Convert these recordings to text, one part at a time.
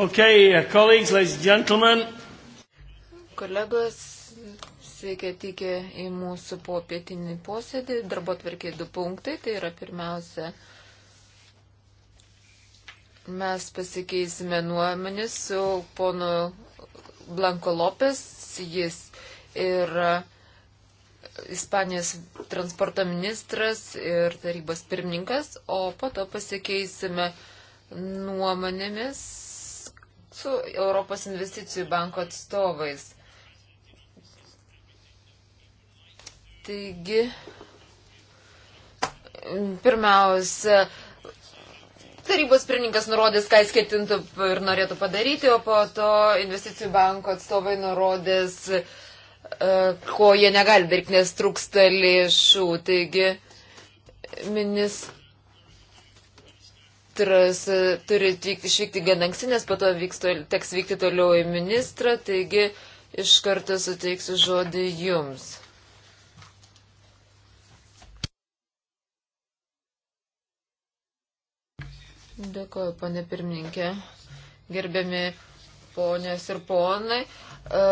Okay, uh, colleagues, ladies and gentlemen. Kolegos, sveiki atvykę į mūsų popietinį posėdį. Darbo tvarkiai du punktai. Tai yra pirmiausia, mes pasikeisime nuomenis su ponu Blanko Lopes. Jis yra Ispanijos transporto ministras ir tarybos pirmininkas, o po to pasikeisime nuomonėmis su Europos investicijų banko atstovais. Taigi, pirmiausia, tarybos pirmininkas nurodys, ką jis ketintų ir norėtų padaryti, o po to investicijų banko atstovai nurodys, e, ko jie negali daryti, nes trūksta lėšų. Taigi, ministras ministras e, turi atvykti, išvykti gan anksti, nes po to vyks, teks vykti toliau į ministrą, taigi iš karto suteiksiu žodį jums. Dėkuoju, pane pirmininkė. Gerbiami ponės ir ponai. E,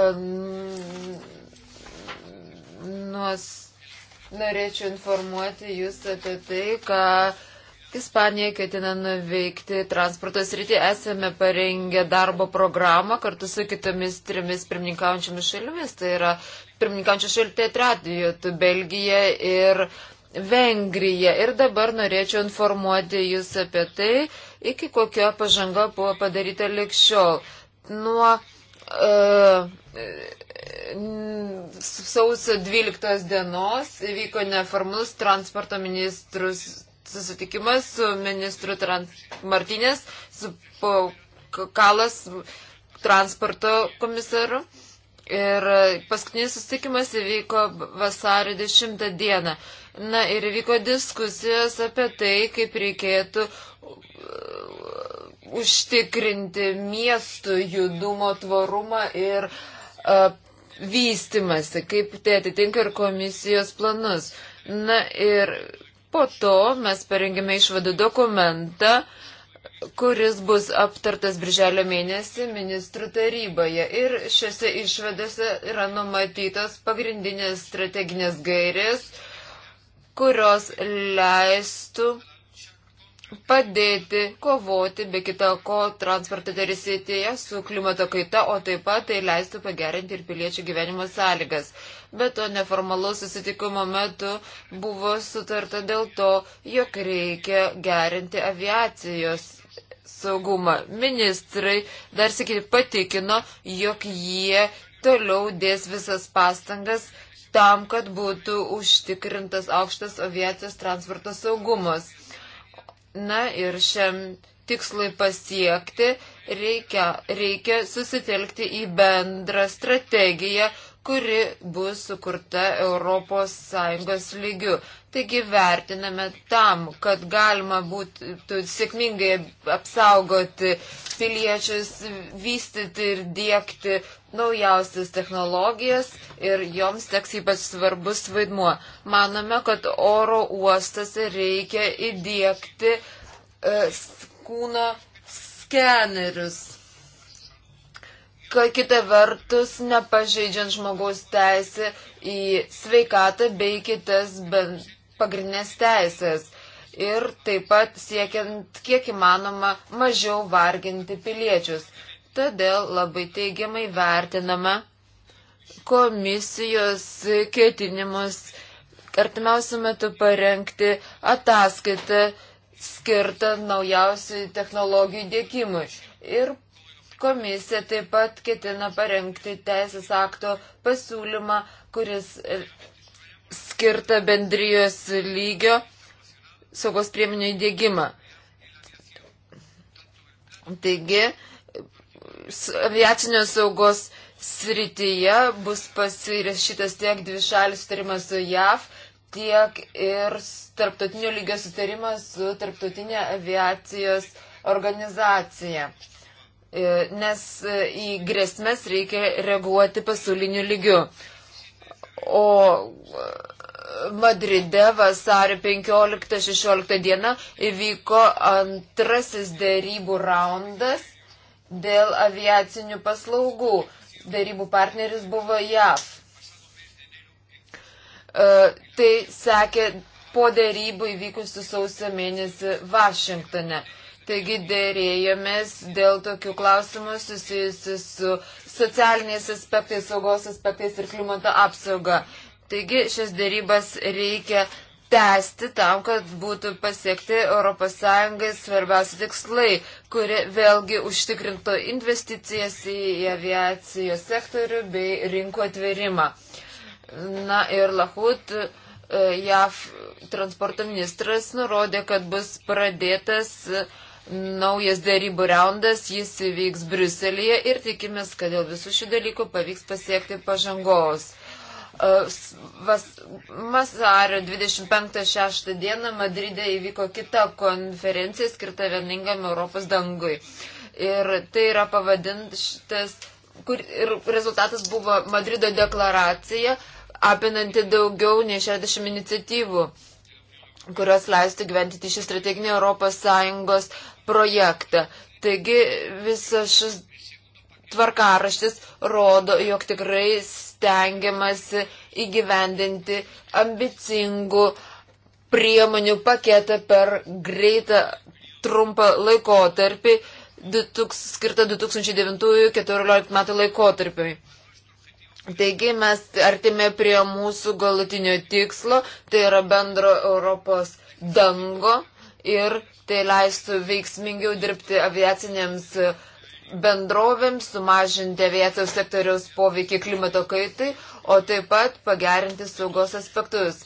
nuos norėčiau informuoti jūs apie tai, ką Ispanija ketina nuveikti transporto srity. Esame parengę darbo programą kartu su kitomis trimis pirmininkaujančiomis šalimis. Tai yra pirmininkaujančio šaltė tai tretijotų Belgija ir Vengrija. Ir dabar norėčiau informuoti Jūs apie tai, iki kokio pažanga buvo padaryta likščiol. Nuo e, sausio 12 dienos vyko neformus transporto ministrus susitikimas su ministru Martinės, su Kalas transporto komisaru. Ir paskutinis susitikimas įvyko vasario 10 dieną. Na ir įvyko diskusijos apie tai, kaip reikėtų uh, užtikrinti miestų judumo tvarumą ir uh, vystimasi, kaip tai atitinka ir komisijos planus. Na ir Po to mes parengėme išvadų dokumentą, kuris bus aptartas birželio mėnesį ministrų taryboje. Ir šiuose išvadose yra numatytos pagrindinės strateginės gairės, kurios leistų padėti kovoti be kita ko transporto terisityje su klimato kaita, o taip pat tai leistų pagerinti ir piliečių gyvenimo sąlygas. Bet to neformalaus susitikimo metu buvo sutarta dėl to, jog reikia gerinti aviacijos saugumą. Ministrai dar sakyti patikino, jog jie toliau dės visas pastangas tam, kad būtų užtikrintas aukštas aviacijos transporto saugumas. Na ir šiam tikslui pasiekti reikia, reikia susitelkti į bendrą strategiją, kuri bus sukurta ES lygiu. Taigi vertiname tam, kad galima būtų sėkmingai apsaugoti piliečius, vystyti ir dėkti naujausias technologijas ir joms teks ypač svarbus vaidmuo. Manome, kad oro uostose reikia įdėkti e, kūno skenerius. Kai kita vertus, nepažeidžiant žmogaus teisę į sveikatą bei kitas bent pagrindinės teisės ir taip pat siekiant kiek įmanoma mažiau varginti piliečius. Todėl labai teigiamai vertiname komisijos ketinimus artimiausiu metu parengti ataskaitą skirtą naujausių technologijų dėkimui. Ir komisija taip pat ketina parengti teisės akto pasiūlymą, kuris skirta bendrijos lygio saugos priemonių įdėgymą. Taigi, aviacinio saugos srityje bus pasirašytas tiek dvišalis sutarimas su JAV, tiek ir tarptautinio lygio sutarimas su tarptautinė aviacijos organizacija. E, nes e, į grėsmės reikia reaguoti pasauliniu lygiu. O Madride vasario 15-16 dieną įvyko antrasis dėrybų raundas dėl aviacinių paslaugų. Dėrybų partneris buvo JAV. E, tai sekė po dėrybų įvykusių sausio mėnesį Vašingtone. Taigi dėrėjomės dėl tokių klausimų susijusių su socialiniais aspektais, saugos aspektais ir klimato apsauga. Taigi šias dėrybas reikia tęsti tam, kad būtų pasiekti ES svarbiausi tikslai, kuri vėlgi užtikrintų investicijas į aviacijos sektorių bei rinkų atverimą. Na ir Lahut, e, JAF transporto ministras nurodė, kad bus pradėtas uh, Naujas dėrybų raundas, jis įvyks Briuselėje ir tikimės, kad dėl visų šių dalykų pavyks pasiekti pažangos. E, vasario 25-6 dieną Madride įvyko kita konferencija skirta vieningam Europos dangui. Ir tai yra pavadintas, kur ir rezultatas buvo Madrido deklaracija, apinanti daugiau nei 60 iniciatyvų kurios leistų gyventi šį strateginį Europos Sąjungos projektą. Taigi visas šis tvarkaraštis rodo, jog tikrai stengiamasi įgyvendinti ambicingų priemonių paketą per greitą trumpą laikotarpį skirtą 2009-2014 metų laikotarpiui. Taigi mes artime prie mūsų galutinio tikslo, tai yra bendro Europos dango ir tai leistų veiksmingiau dirbti aviacinėms bendrovėms, sumažinti aviacijos sektoriaus poveikį klimato kaitai, o taip pat pagerinti saugos aspektus.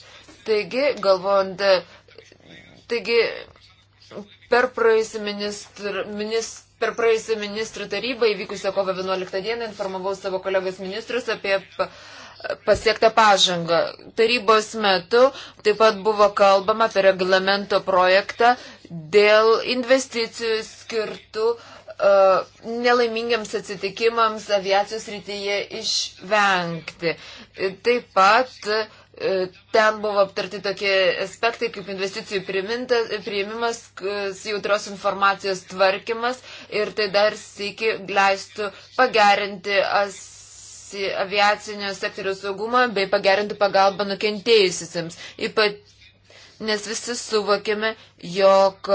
Taigi, galvojant, taigi, per praėjusią ministrų, ministrų per praėjusią ministrų tarybą įvykusią kovo 11 dieną informavau savo kolegas ministrus apie pasiektą pažangą. Tarybos metu taip pat buvo kalbama apie reglamento projektą dėl investicijų skirtų uh, e, nelaimingiams atsitikimams aviacijos rytyje išvengti. E, taip pat uh, ten buvo aptarti tokie aspektai kaip investicijų priėmimas, jautros informacijos tvarkymas ir tai dar sėki leistų pagerinti as aviacinio sektoriaus saugumą bei pagerintų pagalbą nukentėjusiems. Ypač nes visi suvokėme, jog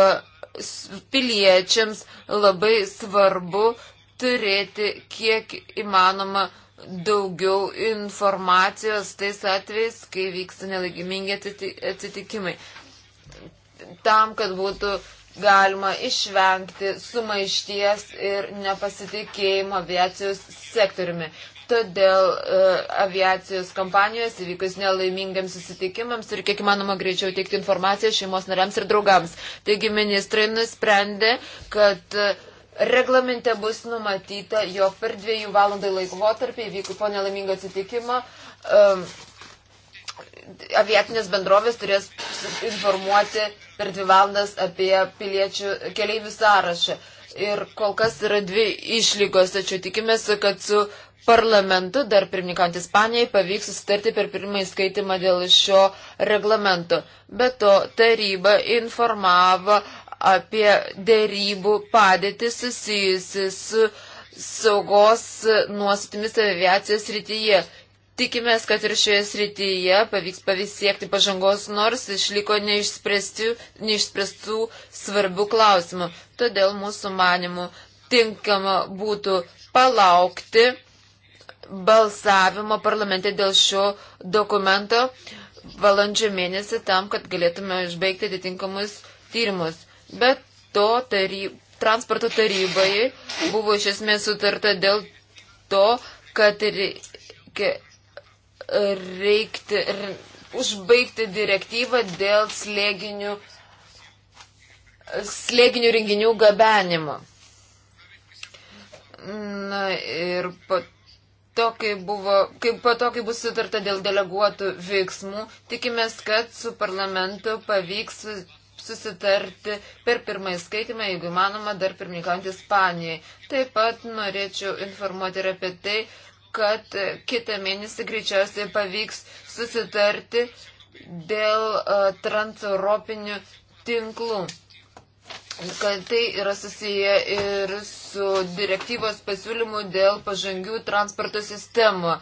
piliečiams labai svarbu turėti kiek įmanoma daugiau informacijos tais atvejais, kai vyksta nelaimingi atsitikimai. Tam, kad būtų galima išvengti sumaišties ir nepasitikėjimo aviacijos sektoriumi. Todėl e, aviacijos kompanijos įvykus nelaimingiams susitikimams ir kiek įmanoma greičiau teikti informaciją šeimos nariams ir draugams. Taigi ministrai nusprendė, kad e, reglamente bus numatyta, jog per dviejų valandų laikotarpį įvykus po nelaimingo atsitikimo e, aviatinės bendrovės turės informuoti per dvi valandas apie piliečių keleivių sąrašą. Ir kol kas yra dvi išlygos, tačiau tikimės, kad su parlamentu dar pirmininkant Ispanijai pavyks susitarti per pirmąjį skaitimą dėl šio reglamento. Be to, taryba informavo apie dėrybų padėtį susijusi su saugos nuostatimis aviacijos rytyje. Tikimės, kad ir šioje srityje pavyks pavisiekti pažangos, nors išliko neišspręstų svarbių klausimų. Todėl mūsų manimų tinkama būtų palaukti balsavimo parlamente dėl šio dokumento valandžio mėnesį tam, kad galėtume išbaigti atitinkamus tyrimus. Bet to taryb, transporto tarybai buvo iš esmės sutarta dėl to, kad reikia, reikti, re, užbaigti direktyvą dėl slėginių, slėginių renginių gabenimo. Na ir pat to, kai, buvo, kai po to, kai bus sutarta dėl deleguotų veiksmų, tikimės, kad su parlamentu pavyks susitarti per pirmąjį skaitimą, jeigu manoma, dar pirmininkant Ispanijai. Taip pat norėčiau informuoti ir apie tai, kad kitą mėnesį greičiausiai pavyks susitarti dėl uh, transeuropinių tinklų kad tai yra susiję ir su direktyvos pasiūlymu dėl pažangių transporto sistemų.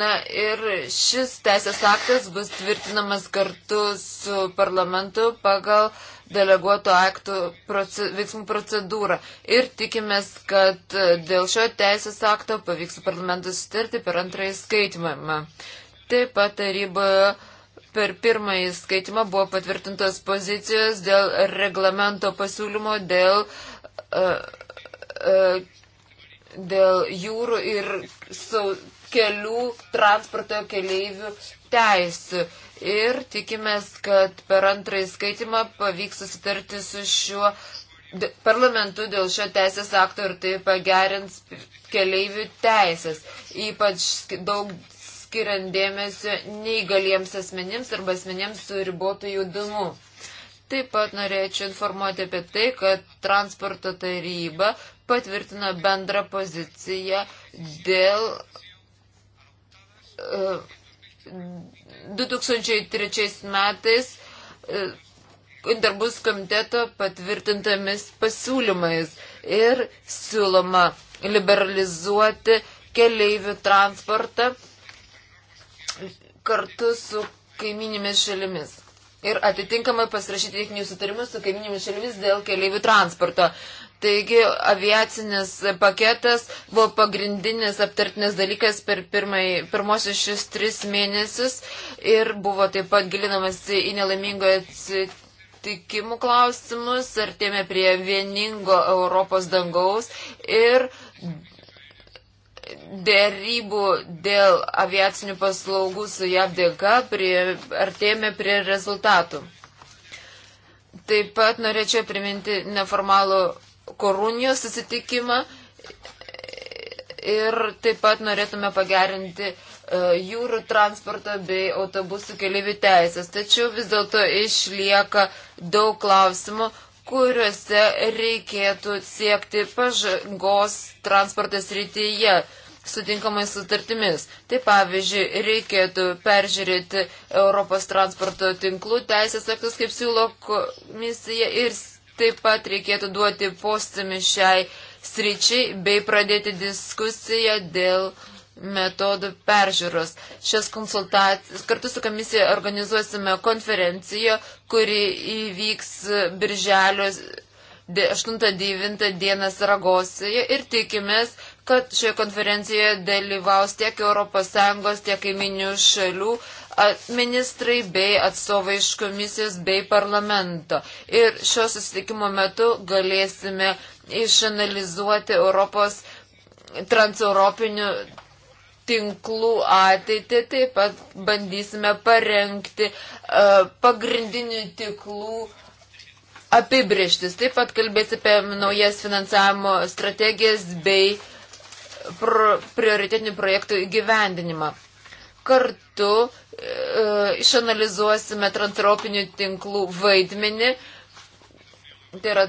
Na ir šis teisės aktas bus tvirtinamas kartu su parlamentu pagal deleguoto aktų proce, veiksmų procedūrą. Ir tikimės, kad dėl šio teisės akto pavyks su parlamentu sutarti per antrąjį skaitimą. Taip pat taryboje Per pirmąjį skaitimą buvo patvirtintos pozicijos dėl reglamento pasiūlymo dėl, e, e, dėl jūrų ir kelių transporto keleivių teisų. Ir tikimės, kad per antrąjį skaitimą pavyks susitarti su šiuo parlamentu dėl šio teisės akto ir tai pagerins keleivių teisės. Ypač daug skiriant dėmesio neįgaliems asmenims arba asmenims su ribotu judumu. Taip pat norėčiau informuoti apie tai, kad transporto taryba patvirtino bendrą poziciją dėl e, uh, 2003 metais uh, e, darbus komiteto patvirtintomis pasiūlymais ir siūloma liberalizuoti keleivių transportą kartu su kaiminimis šalimis. Ir atitinkamai pasirašyti reikinius sutarimus su kaiminimis šalimis dėl keliaivių transporto. Taigi aviacinis paketas buvo pagrindinis aptartinis dalykas per pirmai, pirmosius šis tris mėnesius ir buvo taip pat gilinamas į nelaimingo atsitikimų klausimus, artėme prie vieningo Europos dangaus ir dėrybų dėl aviacinių paslaugų su JAV dėka prie, artėjame prie rezultatų. Taip pat norėčiau priminti neformalų korunijos susitikimą ir taip pat norėtume pagerinti e, jūrų transporto bei autobusų keliaivių teisės. Tačiau vis dėlto išlieka daug klausimų, kuriuose reikėtų siekti pažangos transportas rytyje sutinkamai sutartimis. Tai pavyzdžiui, reikėtų peržiūrėti Europos transporto tinklų teisės aktus, kaip siūlo komisija, ir taip pat reikėtų duoti postumi šiai sričiai bei pradėti diskusiją dėl metodų peržiūros. Šias konsultacijas kartu su komisija organizuosime konferenciją, kuri įvyks birželio 8-9 dieną Saragosijoje ir tikimės, kad šioje konferencijoje dalyvaus tiek ES, tiek kaiminių šalių ministrai bei atstovai iš komisijos bei parlamento. Ir šio susitikimo metu galėsime išanalizuoti Europos transeuropinių tinklų ateitį, taip pat bandysime parengti uh, pagrindinių tiklų apibrieštis. Taip pat kalbėsime apie naujas finansavimo strategijas bei uh, pro, prioritetinių projektų įgyvendinimą. Kartu e, išanalizuosime transeuropinių tinklų vaidmenį. Tai yra,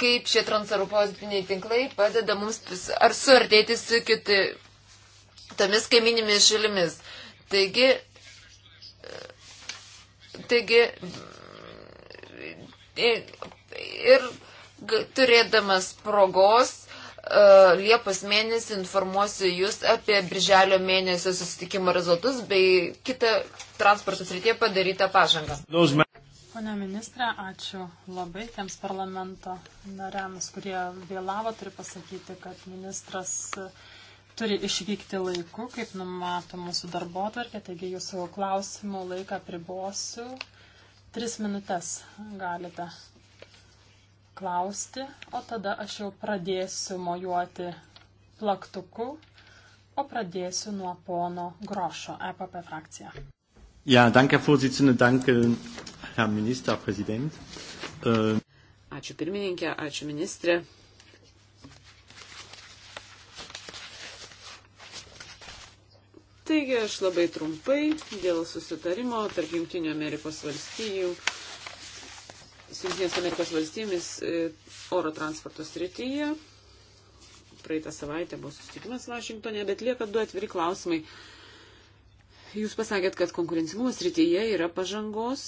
kaip šie transeuropiniai tinklai padeda mums ar suartėti su kitomis kaiminėmis šalimis. Taigi, e, taigi e, ir turėdamas progos Uh, Liepos mėnesį informuosiu Jūs apie birželio mėnesio susitikimo rezultatus bei kitą transporto srityje padarytą pažangą. Pone ministrė, ačiū labai tiems parlamento nariams, kurie vėlavo. Turiu pasakyti, kad ministras uh, turi išvykti laiku, kaip numato mūsų darbo atvarkė, taigi Jūsų klausimų laiką pribosiu. Tris minutės galite klausti, o tada aš jau pradėsiu mojuoti plaktuku, o pradėsiu nuo pono Grošo, EPP frakcija. Ja, danke, Vorsitzende, danke, Herr Minister, Präsident. Uh... Ähm, ačiū pirmininkė, ačiū ministrė. Taigi aš labai trumpai dėl susitarimo tarp Junktinių Amerikos valstijų su Junktinės Amerikos valstybėmis e, oro transporto srityje. Praeitą savaitę buvo susitikimas Vašingtonė, bet lieka du atviri klausimai. Jūs pasakėt, kad konkurencingumo srityje yra pažangos,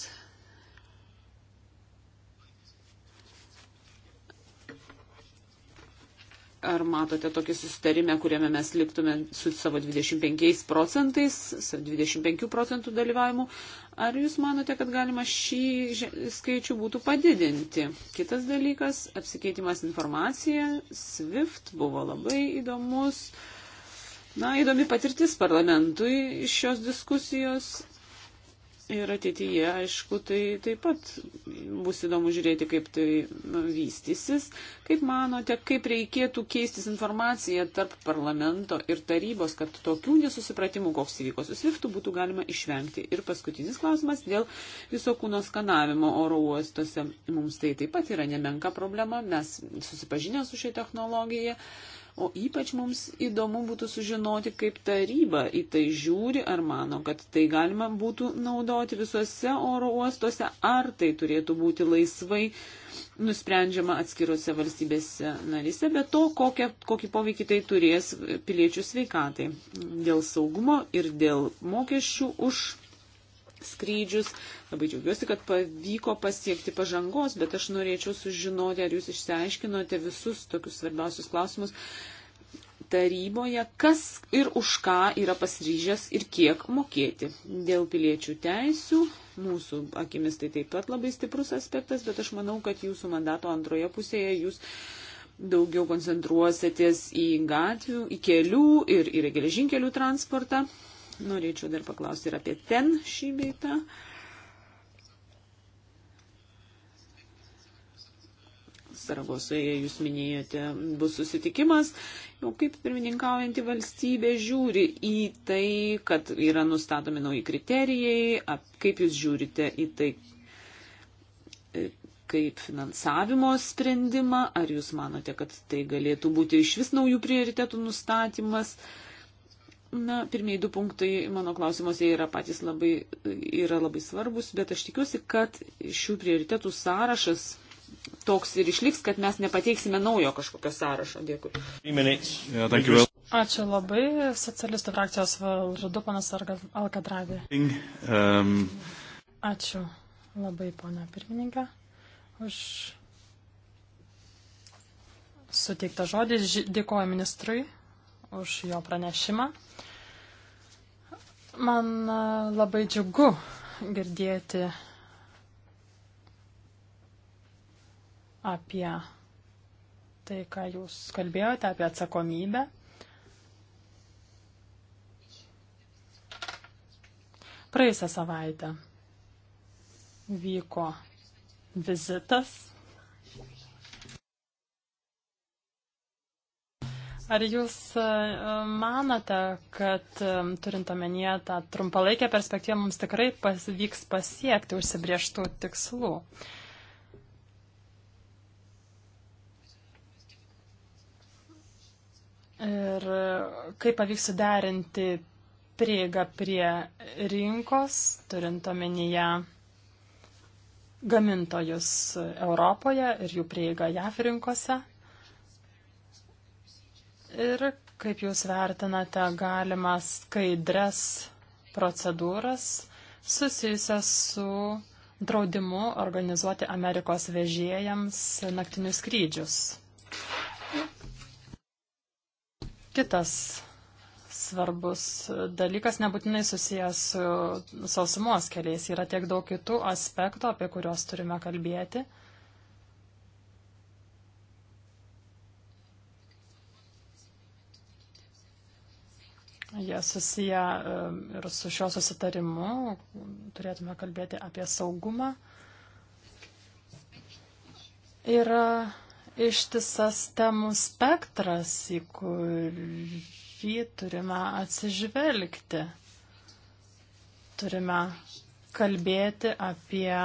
Ar matote tokį susitarimą, kuriame mes liktume su savo 25 procentais, 25 procentų dalyvavimu? Ar jūs manote, kad galima šį skaičių būtų padidinti? Kitas dalykas - apsikeitimas informacija. SWIFT buvo labai įdomus. Na, įdomi patirtis parlamentui iš šios diskusijos Ir ateityje, aišku, tai taip pat bus įdomu žiūrėti, kaip tai vystysis. Kaip manote, kaip reikėtų keistis informacija tarp parlamento ir tarybos, kad tokių nesusipratimų, koks įvyko su SWIFT, būtų galima išvengti. Ir paskutinis klausimas dėl viso kūno skanavimo oro uostuose. Mums tai taip pat yra nemenka problema, mes susipažinę su šia technologija O ypač mums įdomu būtų sužinoti, kaip taryba į tai žiūri, ar mano, kad tai galima būtų naudoti visuose oro uostuose, ar tai turėtų būti laisvai nusprendžiama atskiruose valstybėse narise, bet to, kokią, kokį poveikį tai turės piliečių sveikatai dėl saugumo ir dėl mokesčių už skrydžius. Labai džiaugiuosi, kad pavyko pasiekti pažangos, bet aš norėčiau sužinoti, ar jūs išsiaiškinote visus tokius svarbiausius klausimus taryboje, kas ir už ką yra pasiryžęs ir kiek mokėti. Dėl piliečių teisių mūsų akimis tai taip pat labai stiprus aspektas, bet aš manau, kad jūsų mandato antroje pusėje jūs daugiau koncentruositės į gatvių, į kelių ir į geležinkelių transportą. Norėčiau dar paklausti ir apie ten šį beitą. Saragosoje jūs minėjote, bus susitikimas, jau kaip pirmininkaujanti valstybė žiūri į tai, kad yra nustatomi nauji kriterijai, ap, kaip jūs žiūrite į tai, e, kaip finansavimo sprendimą, ar jūs manote, kad tai galėtų būti iš vis naujų prioritetų nustatymas. Uh, Na, pirmieji du punktai mano klausimuose yra patys labai, yra labai svarbus, bet aš tikiuosi, kad šių prioritetų sąrašas toks ir išliks, kad mes nepateiksime naujo kažkokio sąrašo. Dėkui. Ačiū labai. Socialistų frakcijos vardu panas Alkadravė. Um, Ačiū labai, pana pirmininkė, už suteiktą žodį. Dėkoju ministrui už jo pranešimą. Man e, labai džiugu girdėti apie tai, ką jūs kalbėjote, apie atsakomybę. Praėjusią savaitę vyko vizitas Ar jūs e, manote, kad e, turint omenyje tą trumpalaikę perspektyvą, mums tikrai pavyks pasiekti užsibrieštų tikslų? Ir kaip pavyks suderinti prieigą prie rinkos, turint omenyje gamintojus Europoje ir jų prieigą JAF rinkose? Ir kaip Jūs vertinate galimas skaidres procedūras susijusias su draudimu organizuoti Amerikos vežėjams naktinius skrydžius? Kitas svarbus dalykas, nebūtinai susijęs su sausumos keliais, yra tiek daug kitų aspektų, apie kuriuos turime kalbėti. Jie susiję ir su šio susitarimu. Turėtume kalbėti apie saugumą. Yra ištisas temų spektras, į kurį turime atsižvelgti. Turime kalbėti apie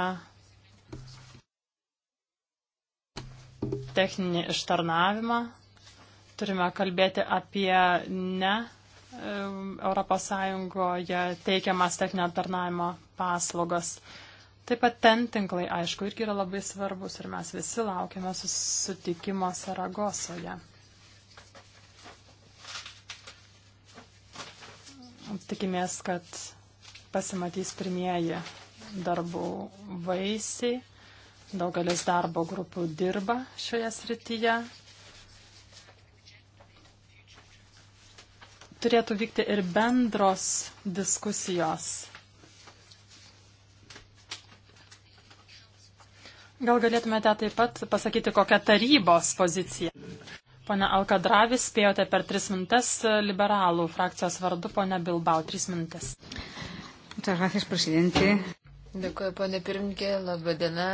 techninį ištarnavimą, turime kalbėti apie ne ES teikiamas techninio aptarnavimo paslaugas. Taip pat ten tinklai, aišku, irgi yra labai svarbus ir mes visi laukiame susitikimo Saragosoje. Tikimės, kad pasimatys pirmieji darbų vaisiai. Daugelis darbo grupų dirba šioje srityje. turėtų vykti ir bendros diskusijos. Gal galėtumėte taip pat pasakyti, kokia tarybos pozicija? Pone Alkadravis, spėjote per tris minutės liberalų frakcijos vardu, pone Bilbao, tris minutės. Dėkuoju, ponė pirmininkė, laba diena.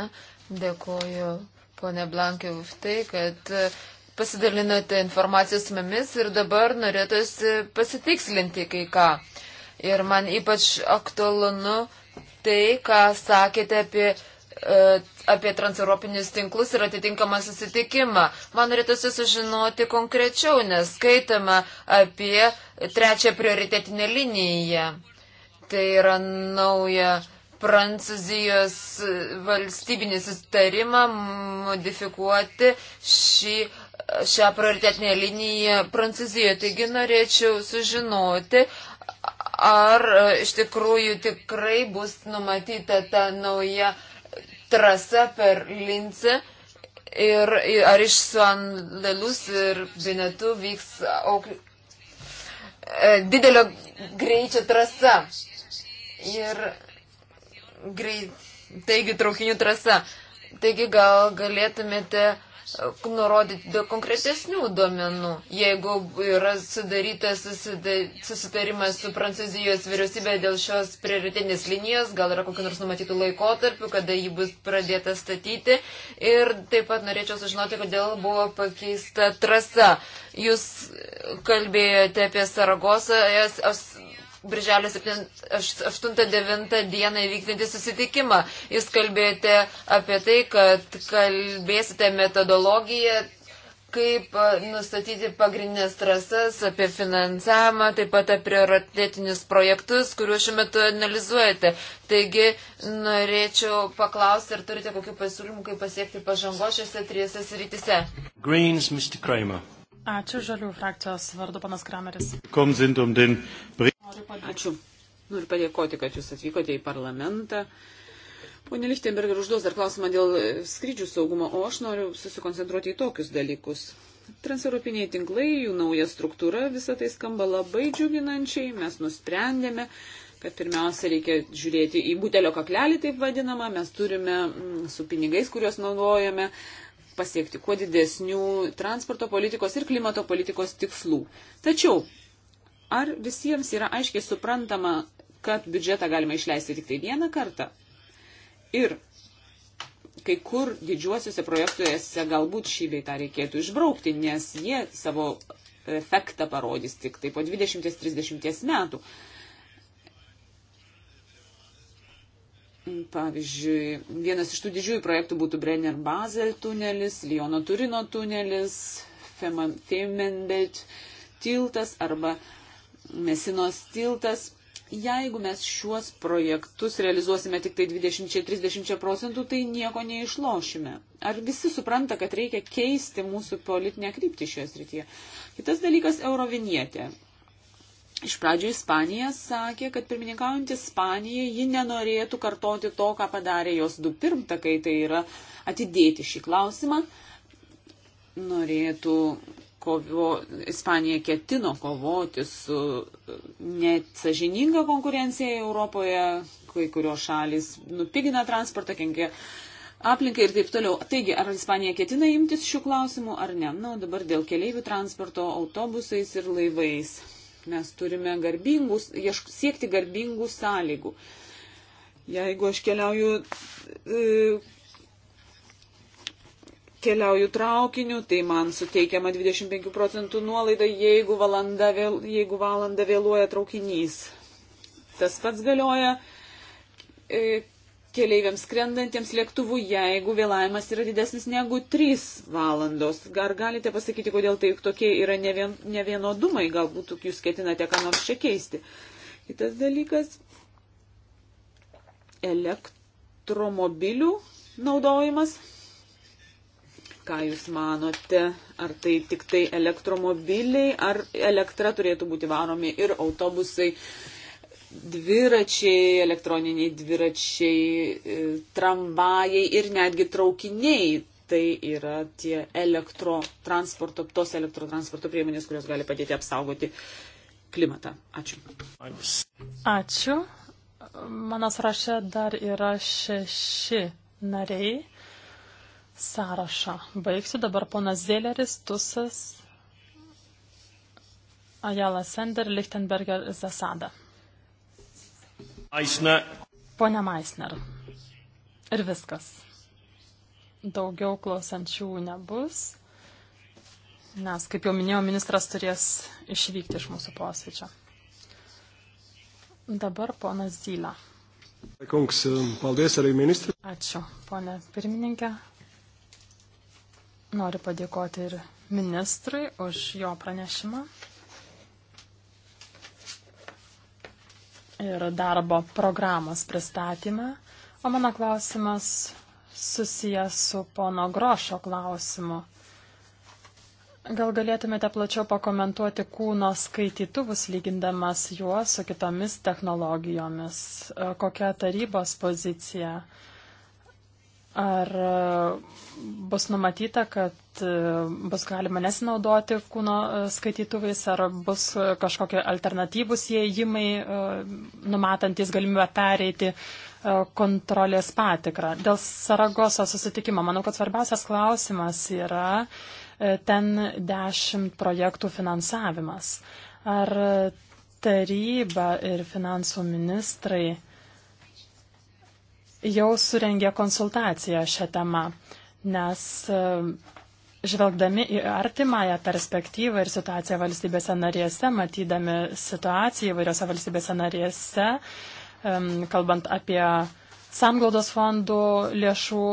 Dėkuoju, ponė Blankė, už tai, kad pasidalinote informaciją su mumis ir dabar norėtųsi pasitikslinti kai ką. Ir man ypač aktualu tai, ką sakėte apie e, apie transeuropinius tinklus ir atitinkamą susitikimą. Man norėtųsi sužinoti konkrečiau, nes skaitama apie trečią prioritetinę liniją. Tai yra nauja Prancūzijos valstybinį sustarimą modifikuoti šį šią prioritetinę liniją Prancūzijoje. Taigi norėčiau sužinoti, ar e, iš tikrųjų tikrai bus numatyta ta nauja trasa per Lincę. Ir ar iš Suandalus ir Binetų vyks auk... E, didelio greičio trasa. Ir greit, taigi traukinių trasa. Taigi gal galėtumėte uh, nurodyti be konkretesnių duomenų. Jeigu yra sudarytas susitarimas su Prancūzijos vyriausybė dėl šios prioritinės linijos, gal yra kokiu nors numatytų laikotarpiu, kada ji bus pradėta statyti. Ir taip pat norėčiau sužinoti, kodėl buvo pakeista trasa. Jūs kalbėjote apie Saragosą, Birželio 8-9 dieną įvykdinti susitikimą. Jūs kalbėjote apie tai, kad kalbėsite metodologiją, kaip nustatyti pagrindinės trasas, apie finansavimą, taip pat apie prioritetinius projektus, kuriuos šiuo metu analizuojate. Taigi norėčiau paklausti, ar turite kokių pasiūlymų, kaip pasiekti pažango šiuose trijose srityse. Greens, Ačiū žalių frakcijos vardu, panas Krameris. Um den... Ačiū. Noriu padėkoti, kad jūs atvykote į parlamentą. Pone Lichtenberger užduos dar klausimą dėl skrydžių saugumo, o aš noriu susikoncentruoti į tokius dalykus. Transeuropiniai tinklai, jų nauja struktūra, visą tai skamba labai džiuginančiai. Mes nusprendėme, kad pirmiausia reikia žiūrėti į butelio kaklelį, taip vadinamą. Mes turime mm, su pinigais, kuriuos naudojame, pasiekti kuo didesnių transporto politikos ir klimato politikos tikslų. Tačiau Ar visiems yra aiškiai suprantama, kad biudžetą galima išleisti tik tai vieną kartą? Ir kai kur didžiuosiuose projektuose galbūt šį bei tą reikėtų išbraukti, nes jie savo efektą parodys tik tai po 20-30 metų. Pavyzdžiui, vienas iš tų didžiųjų projektų būtų Brenner Basel tunelis, Liono Turino tunelis, Femenbelt tiltas arba Mesinos tiltas. Jeigu mes šiuos projektus realizuosime tik tai 20-30 procentų, tai nieko neišlošime. Ar visi supranta, kad reikia keisti mūsų politinę kryptį šioje srityje? Kitas dalykas - eurovinietė. Iš pradžių Ispanija sakė, kad pirmininkaujant Ispanijai ji nenorėtų kartoti to, ką padarė jos du pirmtakai, tai yra atidėti šį klausimą, norėtų kovo, Ispanija ketino kovoti su e, neatsažininga konkurencija Europoje, kai kurios šalis nupigina transportą, kenkia aplinkai ir taip toliau. Taigi, ar Ispanija ketina imtis šių klausimų ar ne? Na, dabar dėl keliaivių transporto autobusais ir laivais. Mes turime garbingus, siekti garbingų sąlygų. Jeigu aš keliauju e, keliauju traukiniu, tai man suteikiama 25 procentų nuolaida, jeigu valanda, vėl, jeigu valanda vėluoja traukinys. Tas pats galioja e, keleiviams skrendantiems lėktuvų, jeigu vėlavimas yra didesnis negu 3 valandos. Ar galite pasakyti, kodėl tai tokie yra ne, vien, ne vienodumai, galbūt jūs ketinate ką nors čia keisti. Kitas dalykas - elektromobilių naudojimas Ką Jūs manote, ar tai tik tai elektromobiliai, ar elektra turėtų būti varomi ir autobusai, dviračiai, elektroniniai dviračiai, e, tramvajai ir netgi traukiniai. Tai yra tie elektrotransporto, tos elektrotransporto priemonės, kurios gali padėti apsaugoti klimatą. Ačiū. Ačiū. Mano sąraše dar yra šeši nariai sąrašą. Baigsiu dabar ponas Zėleris, Tusas, Ajala Sender, Lichtenberger ir Zasada. Meisner. Pone Meisner. Ir viskas. Daugiau klausančių nebus, nes, kaip jau minėjau, ministras turės išvykti iš mūsų posėdžio. Dabar ponas Zyla. Ačiū, ponė pirmininkė. Noriu padėkoti ir ministrui už jo pranešimą ir darbo programos pristatymą, o mano klausimas susijęs su pono Grošo klausimu. Gal galėtumėte plačiau pakomentuoti kūno skaitytuvus, lygindamas juos su kitomis technologijomis? Kokia tarybos pozicija? Ar e, bus numatyta, kad e, bus galima nesinaudoti kūno e, skaitytuvais, ar bus kažkokie alternatyvūs įėjimai, numatantis galimybę pereiti kontrolės patikrą. Dėl Saragoso susitikimo, manau, kad svarbiausias klausimas yra ten 10 projektų finansavimas. Ar taryba ir finansų ministrai jau surengė konsultaciją šią temą, nes e, žvelgdami į artimąją perspektyvą ir situaciją valstybėse narėse, matydami situaciją įvairiose valstybėse narėse, e, kalbant apie Sanglaudos fondų lėšų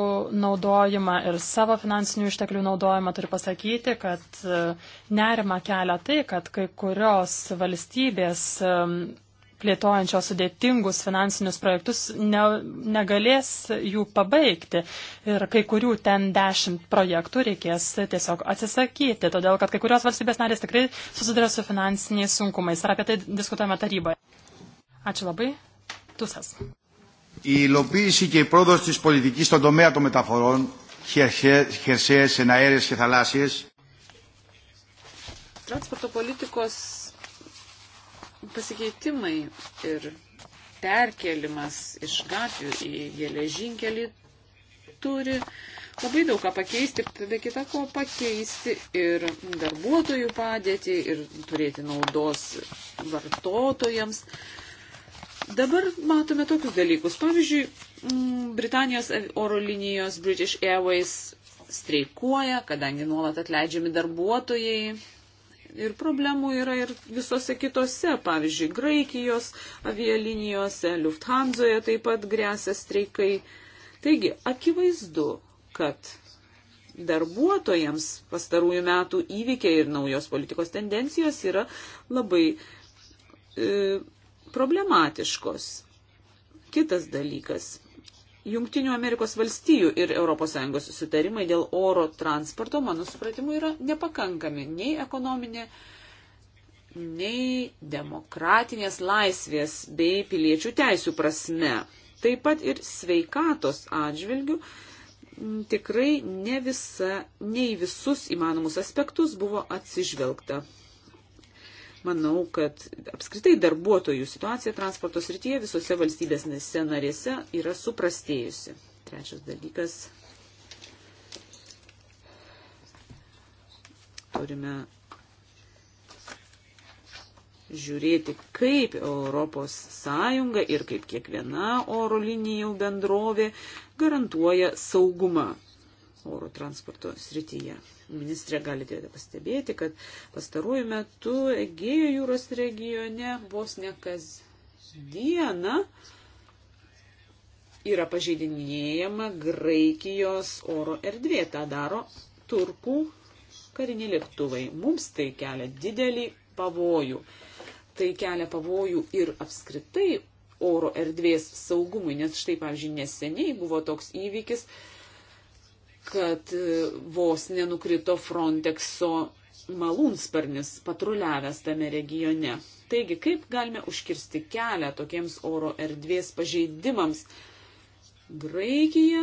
naudojimą ir savo finansinių išteklių naudojimą turiu pasakyti, kad e, nerima kelia tai, kad kai kurios valstybės plėtojančios sudėtingus finansinius projektus ne, negalės jų pabaigti. Ir kai kurių ten dešimt projektų reikės tiesiog atsisakyti, todėl kad kai kurios valstybės narės tikrai susiduria su finansiniais sunkumais. Ir apie tai diskutuojame taryboje. Ačiū labai. Τούσας. Η υλοποίηση και η πρόοδος της πολιτικής στον τομέα των μεταφορών, χερσαίες, εναέρειες και θαλάσσιες. Transporto politikos Pasikeitimai ir perkelimas iš gatvių į geležinkelį turi labai daug ką pakeisti, be kita ko pakeisti ir darbuotojų padėtį, ir turėti naudos vartotojams. Dabar matome tokius dalykus. Pavyzdžiui, mm, Britanijos oro linijos British Airways streikuoja, kadangi nuolat atleidžiami darbuotojai, Ir problemų yra ir visose kitose, pavyzdžiui, Graikijos avialinijose, Lufthansoje taip pat grėsia streikai. Taigi, akivaizdu, kad darbuotojams pastarųjų metų įvykiai ir naujos politikos tendencijos yra labai e, problematiškos. Kitas dalykas Junktinių Amerikos valstijų ir ES sutarimai dėl oro transporto, mano supratimu, yra nepakankami nei ekonominė, nei demokratinės laisvės bei piliečių teisų prasme. Taip pat ir sveikatos atžvilgių tikrai ne visa, nei visus įmanomus aspektus buvo atsižvelgta. Manau, kad apskritai darbuotojų situacija transporto srityje visose valstybės narėse yra suprastėjusi. Trečias dalykas. Turime žiūrėti, kaip Europos Sąjunga ir kaip kiekviena oro linijų bendrovė garantuoja saugumą oro transporto srityje. Ministrė galite pastebėti, kad pastaruoju metu Egėjo jūros regione vos nekas dieną yra pažeidinėjama Graikijos oro erdvė. Ta daro turkų kariniai lėktuvai. Mums tai kelia didelį pavojų. Tai kelia pavojų ir apskritai oro erdvės saugumui, nes štai, pavyzdžiui, neseniai buvo toks įvykis, kad e, vos nenukrito Frontexo malūnsparnis patruliavęs tame regione. Taigi, kaip galime užkirsti kelią tokiems oro erdvės pažeidimams? Graikija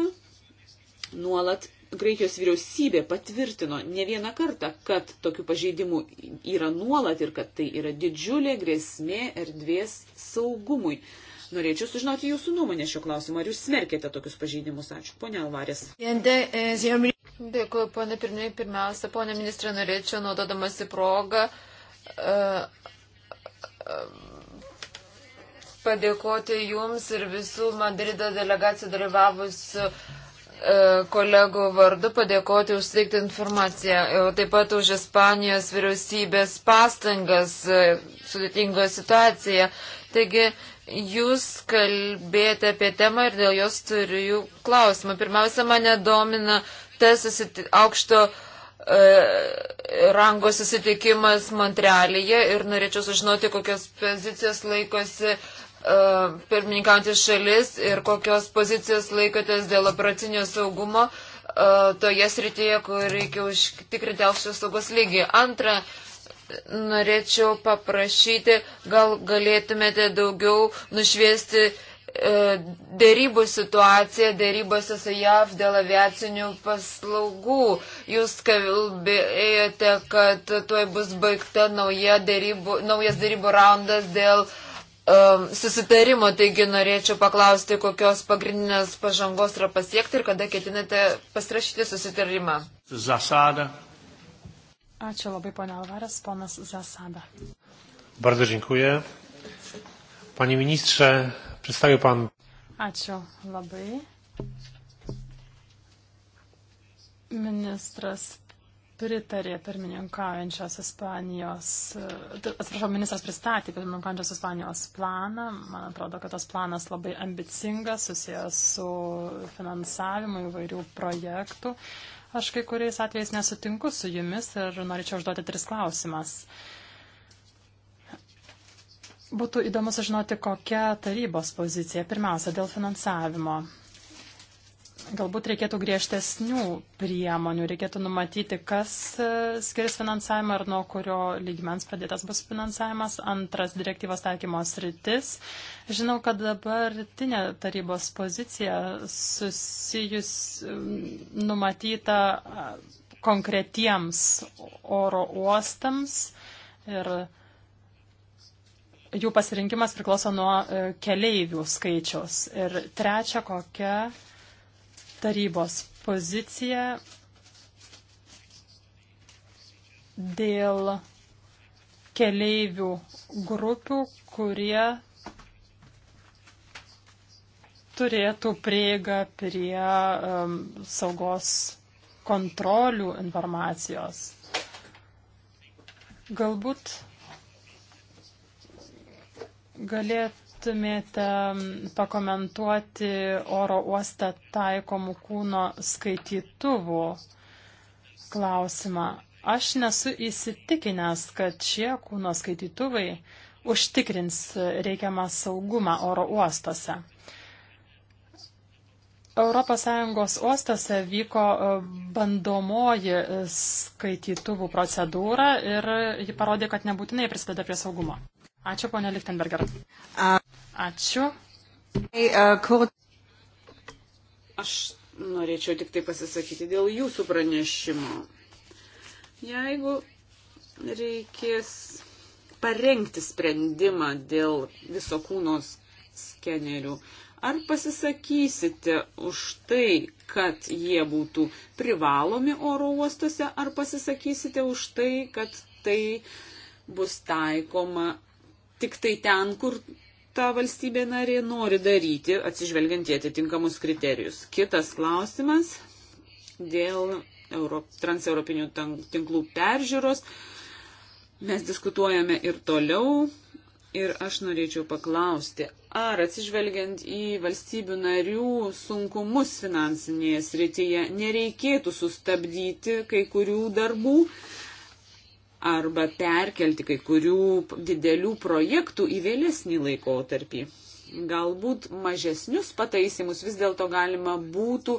nuolat, Graikijos vyriausybė patvirtino ne vieną kartą, kad tokių pažeidimų yra nuolat ir kad tai yra didžiulė grėsmė erdvės saugumui. Norėčiau sužinoti jūsų nuomonę šio klausimu. Ar jūs smerkėte tokius pažeidimus? Ačiū, ponia Alvarės. E, Dėkuoju, ponė pirminiai. Pirmiausia, ponė ministrė, norėčiau, naudodamasi progą, e, e, padėkoti jums ir visų Madrido delegacijų dalyvavusių kolegų vardu padėkoti už suteiktą informaciją, taip pat už Ispanijos vyriausybės pastangas sudėtingoje situacijoje. Taigi Jūs kalbėjote apie temą ir dėl jos turiu klausimą. Pirmiausia, mane domina tas susiti... aukšto e, rango susitikimas Montrealyje ir norėčiau sužinoti, kokios pozicijos laikosi uh, pirmininkantis šalis ir kokios pozicijos laikotės dėl operacinio saugumo uh, toje srityje, kur reikia užtikrinti aukštos saugos lygį. Antra, norėčiau paprašyti, gal galėtumėte daugiau nušviesti e, dėrybų situacija dėrybose su JAV dėl aviacinių paslaugų. Jūs kalbėjote, kad tuoj bus baigta dėrybų, naujas dėrybų raundas dėl um, susitarimo, taigi norėčiau paklausti, kokios pagrindinės pažangos yra pasiekti ir kada ketinate pasirašyti susitarimą. Zasada. Ačiū labai, ponia Alvaras, ponas Zasada. Bardzo dziękuję. Panie ministrze, przedstawił pan. Ačiū labai. Ministras pritarė pirmininkaujančios Ispanijos, atsiprašau, ministras pristatė pirmininkaujančios Ispanijos planą. Man atrodo, kad tas planas labai ambicingas, susijęs su finansavimu įvairių projektų. Aš kai kuriais atvejais nesutinku su jumis ir norėčiau užduoti tris klausimas. Būtų įdomu sužinoti, kokia tarybos pozicija. Pirmiausia, dėl finansavimo. Galbūt reikėtų griežtesnių priemonių, reikėtų numatyti, kas e, skirs finansavimą ir nuo kurio lygmens pradėtas bus finansavimas. Antras direktyvos taikymos rytis. Žinau, kad dabartinė tarybos pozicija susijus numatyta e, konkretiems oro uostams ir jų pasirinkimas priklauso nuo e, keleivių skaičiaus. Ir trečia, kokia tarybos poziciją dėl keleivių grupių, kurie turėtų prieigą prie um, saugos kontrolių informacijos. Galbūt galėtų galėtumėte pakomentuoti oro uoste taikomų kūno skaitytuvų klausimą. Aš nesu įsitikinęs, kad šie kūno skaitytuvai užtikrins reikiamą saugumą oro uostose. ES uostose vyko e, bandomoji skaitytuvų procedūra ir ji parodė, kad nebūtinai prisideda prie saugumo. Ačiū, ponė Lichtenberger. Ačiū. Uh, Aš norėčiau tik tai pasisakyti dėl jūsų pranešimo. Jeigu reikės parengti sprendimą dėl viso kūno skenerių, ar pasisakysite už tai, kad jie būtų privalomi oro uostuose, ar pasisakysite už tai, kad tai bus taikoma tik tai ten, kur ta valstybė narė nori daryti, atsižvelgiant į atitinkamus kriterijus. Kitas klausimas dėl Euro, transeuropinių tinklų peržiūros. Mes diskutuojame ir toliau. Ir aš norėčiau paklausti, ar atsižvelgiant į valstybių narių sunkumus finansinėje srityje nereikėtų sustabdyti kai kurių darbų, arba perkelti kai kurių didelių projektų į vėlesnį laikotarpį. Galbūt mažesnius pataisimus vis dėlto galima būtų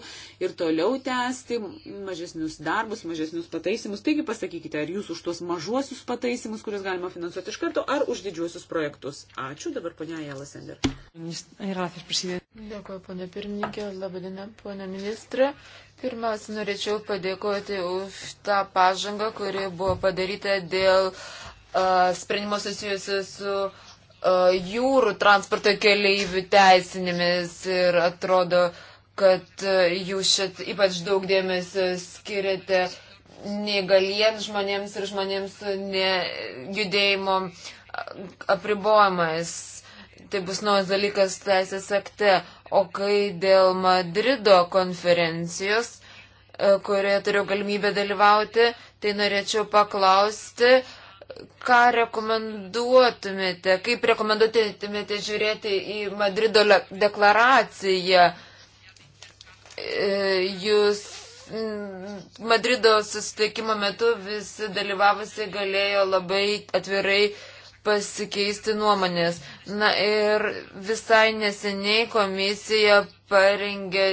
ir toliau tęsti, mažesnius darbus, mažesnius pataisimus. Taigi pasakykite, ar jūs už tuos mažuosius pataisimus, kuriuos galima finansuoti iš karto, ar už didžiuosius projektus. Ačiū, dabar ponia Jela Sender. Dėkuoju, ponia pirmininkė, labadiena, ponia ministrė. Pirmiausia, norėčiau padėkoti už tą pažangą, kuri buvo padaryta dėl uh, sprendimo susijusiu su. Uh, E, jūrų transporto keleivių teisinėmis ir atrodo, kad e, jūs šit ypač daug dėmesio skiriate neįgaliems žmonėms ir žmonėms su judėjimo apribojimais. Tai bus naujas dalykas teisės akte. O kai dėl Madrido konferencijos, e, kurioje turiu galimybę dalyvauti, tai norėčiau paklausti, uh, ką rekomenduotumėte, kaip rekomenduotumėte žiūrėti į Madrido deklaraciją? E, jūs Madrido susitikimo metu visi dalyvavusi galėjo labai atvirai pasikeisti nuomonės. Na ir visai neseniai komisija parengė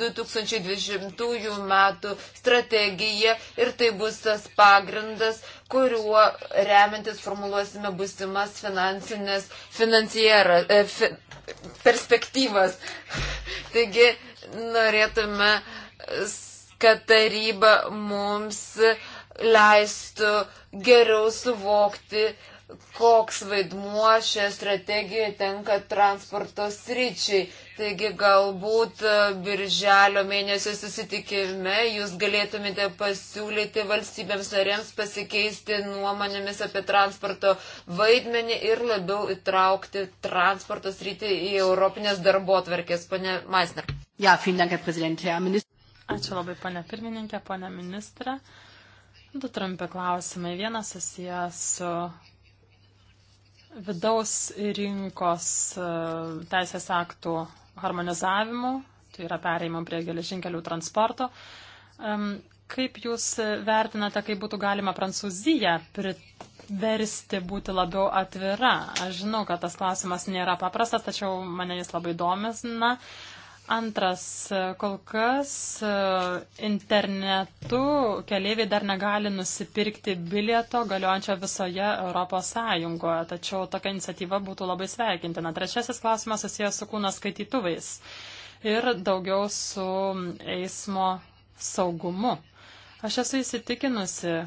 2020 metų strategiją ir tai bus tas pagrindas, kuriuo remintis formuluosime būsimas finansinės finansieras, e, fi, perspektyvas. Taigi norėtume, kad taryba mums leistų geriau suvokti koks vaidmuo šioje strategijoje tenka transporto sričiai. Taigi galbūt e, birželio mėnesio susitikime jūs galėtumėte pasiūlyti valstybėms narėms pasikeisti nuomonėmis apie transporto vaidmenį ir labiau įtraukti transporto sritį į Europinės darbo atverkės, ponė Maisner. Ja, dank, Ačiū labai, ponė pirmininkė, ponė ministra. Du trumpi klausimai. Vienas susijęs su vidaus rinkos e, teisės aktų harmonizavimu, tai yra pereimam prie geležinkelių transporto. Kaip Jūs vertinate, kaip būtų galima Prancūziją priversti būti labiau atvira? Aš žinau, kad tas klausimas nėra paprastas, tačiau mane jis labai domina. Na, Antras, kol kas e, internetu keliaiviai dar negali nusipirkti bilieto galiojančio visoje Europos Sąjungoje, tačiau tokia iniciatyva būtų labai sveikintina. Trečiasis klausimas susijęs su kūno skaitytuvais ir daugiau su eismo saugumu. Aš esu įsitikinusi,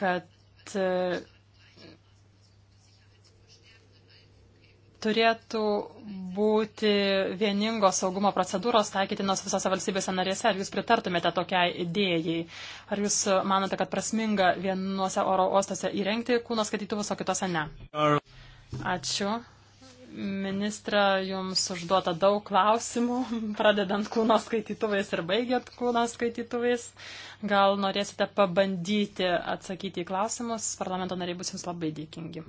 kad e, turėtų būti vieningos saugumo procedūros taikytinos visose valstybėse narėse. Ar jūs pritartumėte tokiai idėjai? Ar jūs manote, kad prasminga vienuose oro uostuose įrengti kūno skaitytuvus, o kitose ne? Ačiū. Ministra, jums užduota daug klausimų, pradedant kūno skaitytuvais ir baigiant kūno skaitytuvais. Gal norėsite pabandyti atsakyti į klausimus? Parlamento nariai bus jums labai dėkingi.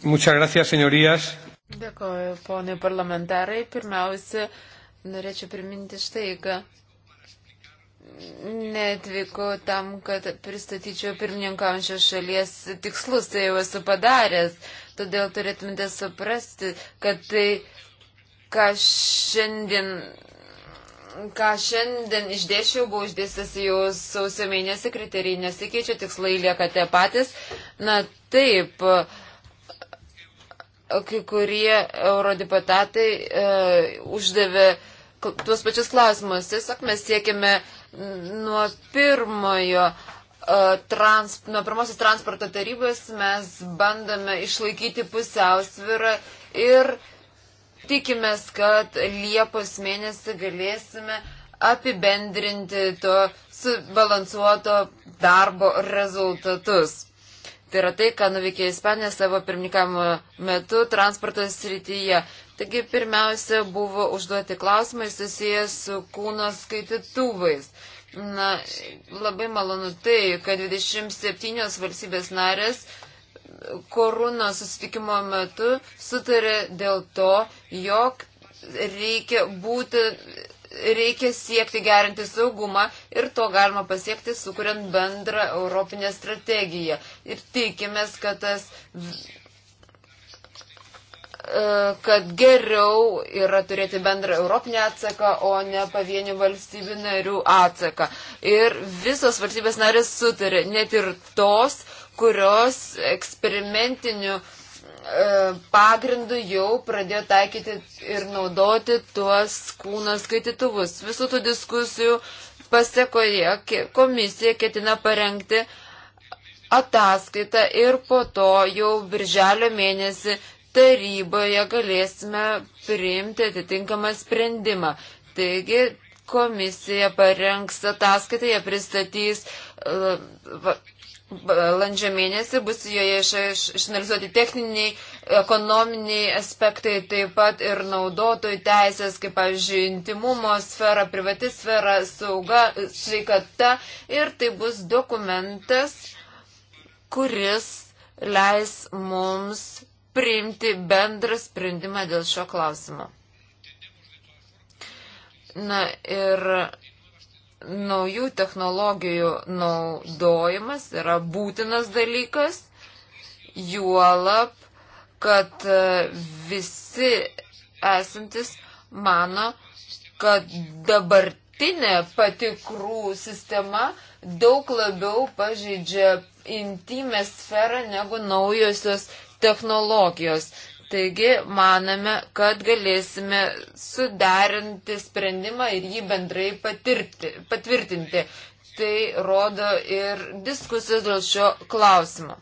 Muchas gracias, señorías. Dėkoju, ponai parlamentarai. Pirmiausia, norėčiau priminti štai, kad netvyko tam, kad pristatyčiau pirmininkaujančios šalies tikslus, tai jau esu padaręs. Todėl turėtumėte suprasti, kad tai, ką šiandien, ką šiandien išdėšiau, buvo išdėstas jau sausio mėnesį, kriterijai nesikeičia, tikslai lieka tie patys. Na taip. Uh, kai kurie eurodeputatai e, uždavė tuos pačius klausimus. Tiesiog mes siekime nuo pirmojo e, trans, nuo pirmosios transporto tarybos mes bandome išlaikyti pusiausvyrą ir tikimės, kad Liepos mėnesį galėsime apibendrinti to subalansuoto darbo rezultatus. Tai yra tai, ką nuveikė Ispanija savo pirmininkavimo metu transportos srityje. Taigi pirmiausia buvo užduoti klausimai susijęs su kūno skaitytuvais. Na, labai malonu tai, kad 27 valstybės narės korūno susitikimo metu sutarė dėl to, jog reikia būti reikia siekti gerinti saugumą ir to galima pasiekti, sukuriant bendrą europinę strategiją. Ir tikimės, kad tas e, kad geriau yra turėti bendrą europinę atsaką, o ne pavienių valstybių narių atsaką. Ir visos valstybės narės sutarė, net ir tos, kurios eksperimentiniu uh, E, pagrindu jau pradėjo taikyti ir naudoti tuos kūno skaitytuvus. Visų tų diskusijų pasiekoje komisija ketina parengti ataskaitą ir po to jau birželio mėnesį taryboje galėsime priimti atitinkamą sprendimą. Taigi komisija parengs ataskaitą, jie pristatys e, balandžio mėnesį bus joje išanalizuoti techniniai, ekonominiai aspektai, taip pat ir naudotojų teisės, kaip, pavyzdžiui, intimumo sfera, privati sfera, sauga, sveikata. Ir tai bus dokumentas, kuris leis mums priimti bendrą sprendimą dėl šio klausimo. Na ir naujų technologijų naudojimas yra būtinas dalykas, juolab, kad e, visi esantis mano, kad dabartinė patikrų sistema daug labiau pažeidžia intimę sferą negu naujosios technologijos. Taigi maname, kad galėsime suderinti sprendimą ir jį bendrai patirti, patvirtinti. Tai rodo ir diskusijos dėl šio klausimo.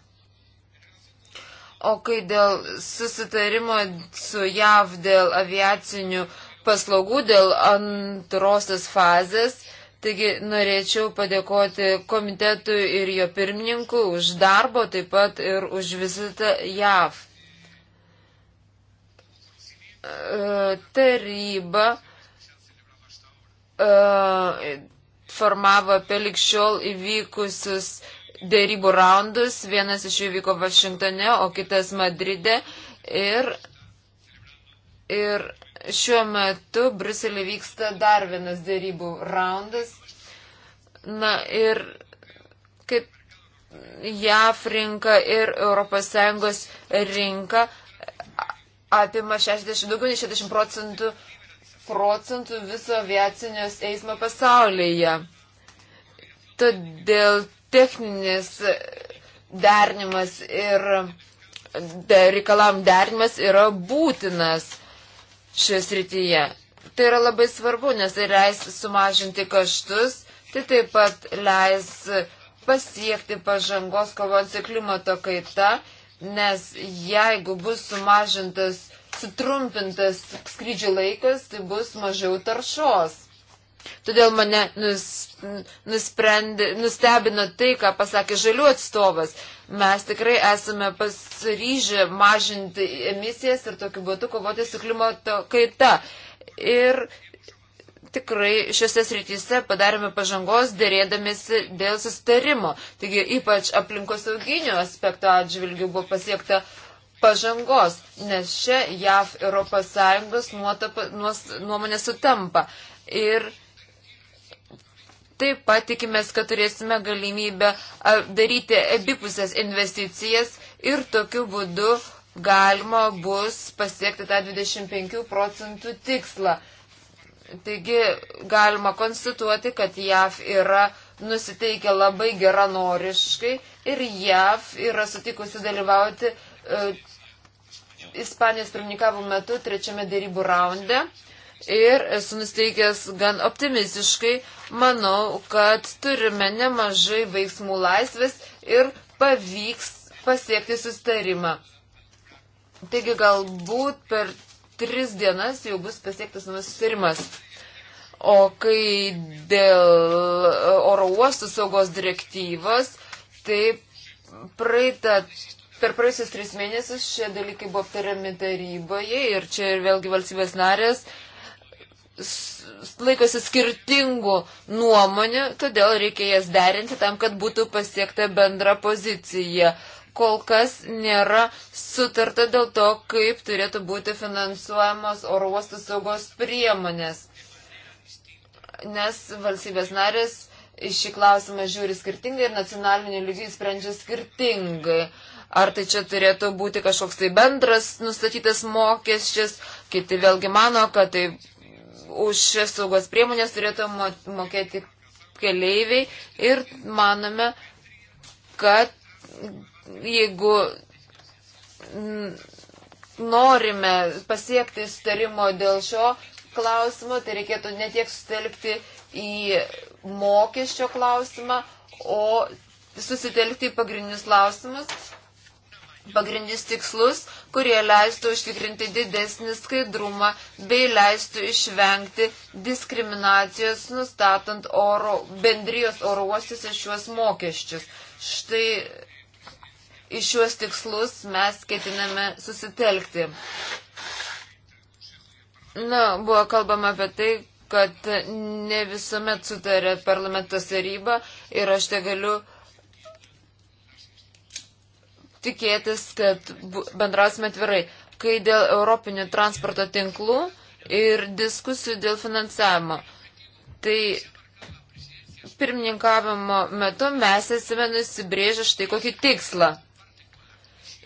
O kai dėl susitarimo su JAV dėl aviacinių paslaugų, dėl antrosios fazės, Taigi norėčiau padėkoti komitetui ir jo pirmininkui už darbo, taip pat ir už vizitą JAV taryba e, formavo apie likščiol įvykusius dėrybų raundus. Vienas iš jų vyko Vašingtone, o kitas Madride. Ir, ir šiuo metu Bruselė vyksta dar vienas dėrybų raundas. Na ir kaip JAF rinka ir ES rinka apima 60, daugiau nei 60 procentų, procentų viso aviacinės eismo pasaulyje. Todėl techninis dernimas ir de, reikalam dernimas yra būtinas šioje srityje. Tai yra labai svarbu, nes tai leis sumažinti kaštus, tai taip pat leis pasiekti pažangos kovant su klimato kaita nes jeigu bus sumažintas, sutrumpintas skrydžių laikas, tai bus mažiau taršos. Todėl mane nus, nusprendė, nustebino tai, ką pasakė žalių atstovas. Mes tikrai esame pasiryžę mažinti emisijas ir tokiu būdu kovoti su klimato kaita. Ir tikrai šiose srityse padarėme pažangos dėrėdamėsi dėl sustarimo. Taigi ypač aplinkosauginio aspekto atžvilgių buvo pasiekta pažangos, nes čia JAV ES nuomonė sutampa. Ir taip pat tikimės, kad turėsime galimybę daryti abipusės investicijas ir tokiu būdu galima bus pasiekti tą 25 procentų tikslą. Taigi galima konstatuoti, kad JAV yra nusiteikę labai geranoriškai ir JAV yra sutikusi dalyvauti uh, Ispanijos pirmininkavimo metu trečiame dėrybų raunde ir esu nusteikęs gan optimistiškai. Manau, kad turime nemažai veiksmų laisvės ir pavyks pasiekti sustarimą. Taigi galbūt per tris dienas jau bus pasiektas naujas susirimas. O kai dėl e, oro uostų saugos direktyvos, tai praeitą, per praėjusius tris mėnesius šie dalykai buvo aptariami taryboje ir čia ir vėlgi valstybės narės laikosi skirtingų nuomonių, todėl reikia jas derinti tam, kad būtų pasiekta bendra pozicija kol kas nėra sutarta dėl to, kaip turėtų būti finansuojamos oro uostų saugos priemonės. Nes valstybės narės šį klausimą žiūri skirtingai ir nacionaliniu lygiu sprendžia skirtingai. Ar tai čia turėtų būti kažkoks tai bendras nustatytas mokesčius, kiti vėlgi mano, kad tai už šias saugos priemonės turėtų mokėti keleiviai ir manome, kad jeigu norime pasiekti sutarimo dėl šio klausimo, tai reikėtų ne tiek sutelkti į mokesčio klausimą, o susitelkti į pagrindinius klausimus, pagrindinius tikslus, kurie leistų užtikrinti didesnį skaidrumą bei leistų išvengti diskriminacijos nustatant oro, bendrijos oro uostus ir šiuos mokesčius. Štai į šiuos tikslus mes ketiname susitelkti. Na, buvo kalbama apie tai, kad ne visuomet sutarė parlamentas taryba ir aš te galiu tikėtis, kad bendrausime atvirai. Kai dėl europinių transporto tinklų ir diskusijų dėl finansavimo, tai pirmininkavimo metu mes esame nusibrėžę štai kokį tikslą.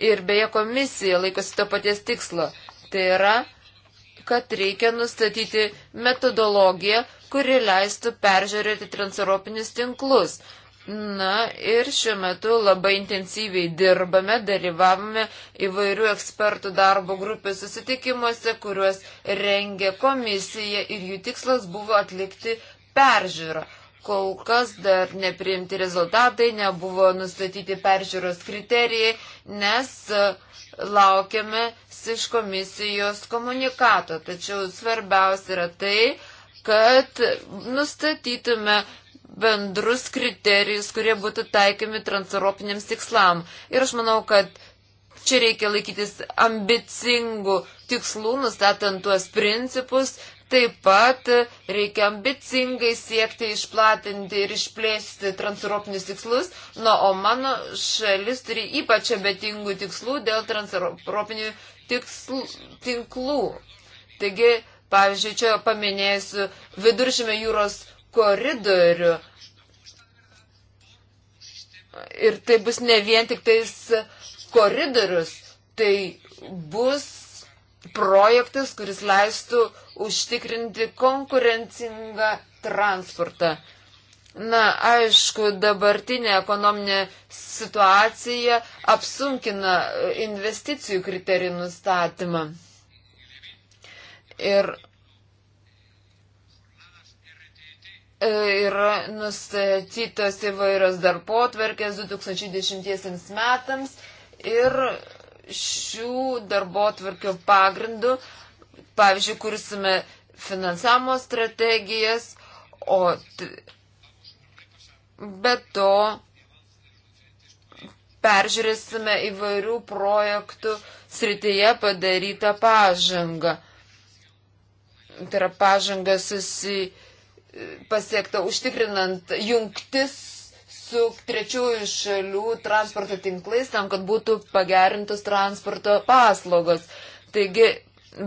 Ir beje, komisija laikosi to paties tikslo. Tai yra, kad reikia nustatyti metodologiją, kuri leistų peržiūrėti transeuropinius tinklus. Na ir šiuo metu labai intensyviai dirbame, dalyvavome įvairių ekspertų darbo grupės susitikimuose, kuriuos rengė komisija ir jų tikslas buvo atlikti peržiūrą kol kas dar nepriimti rezultatai, nebuvo nustatyti peržiūros kriterijai, nes e, laukiame iš komisijos komunikato. Tačiau svarbiausia yra tai, kad nustatytume bendrus kriterijus, kurie būtų taikimi transeuropiniams tikslam. Ir aš manau, kad čia reikia laikytis ambicingų tikslų, nustatant tuos principus, Taip pat reikia ambicingai siekti išplatinti ir išplėsti transeuropinius tikslus, na, nu, o mano šalis turi ypač abetingų tikslų dėl transeuropinių tikslų, tinklų. Taigi, pavyzdžiui, čia paminėsiu viduržymė jūros koridorių. Ir tai bus ne vien tik tais koridorius, tai bus projektas, kuris leistų užtikrinti konkurencingą transportą. Na, aišku, dabartinė ekonominė situacija apsunkina investicijų kriterijų nustatymą. Ir e, yra nustatytos įvairios darbotverkės 2010 metams ir šių darbo tvarkių pagrindų, pavyzdžiui, kursime finansavimo strategijas, o be to peržiūrėsime įvairių projektų srityje padarytą pažangą. Tai yra pažanga susi pasiekta užtikrinant jungtis su trečiųjų šalių transporto tinklais tam, kad būtų pagerintos transporto paslaugos. Taigi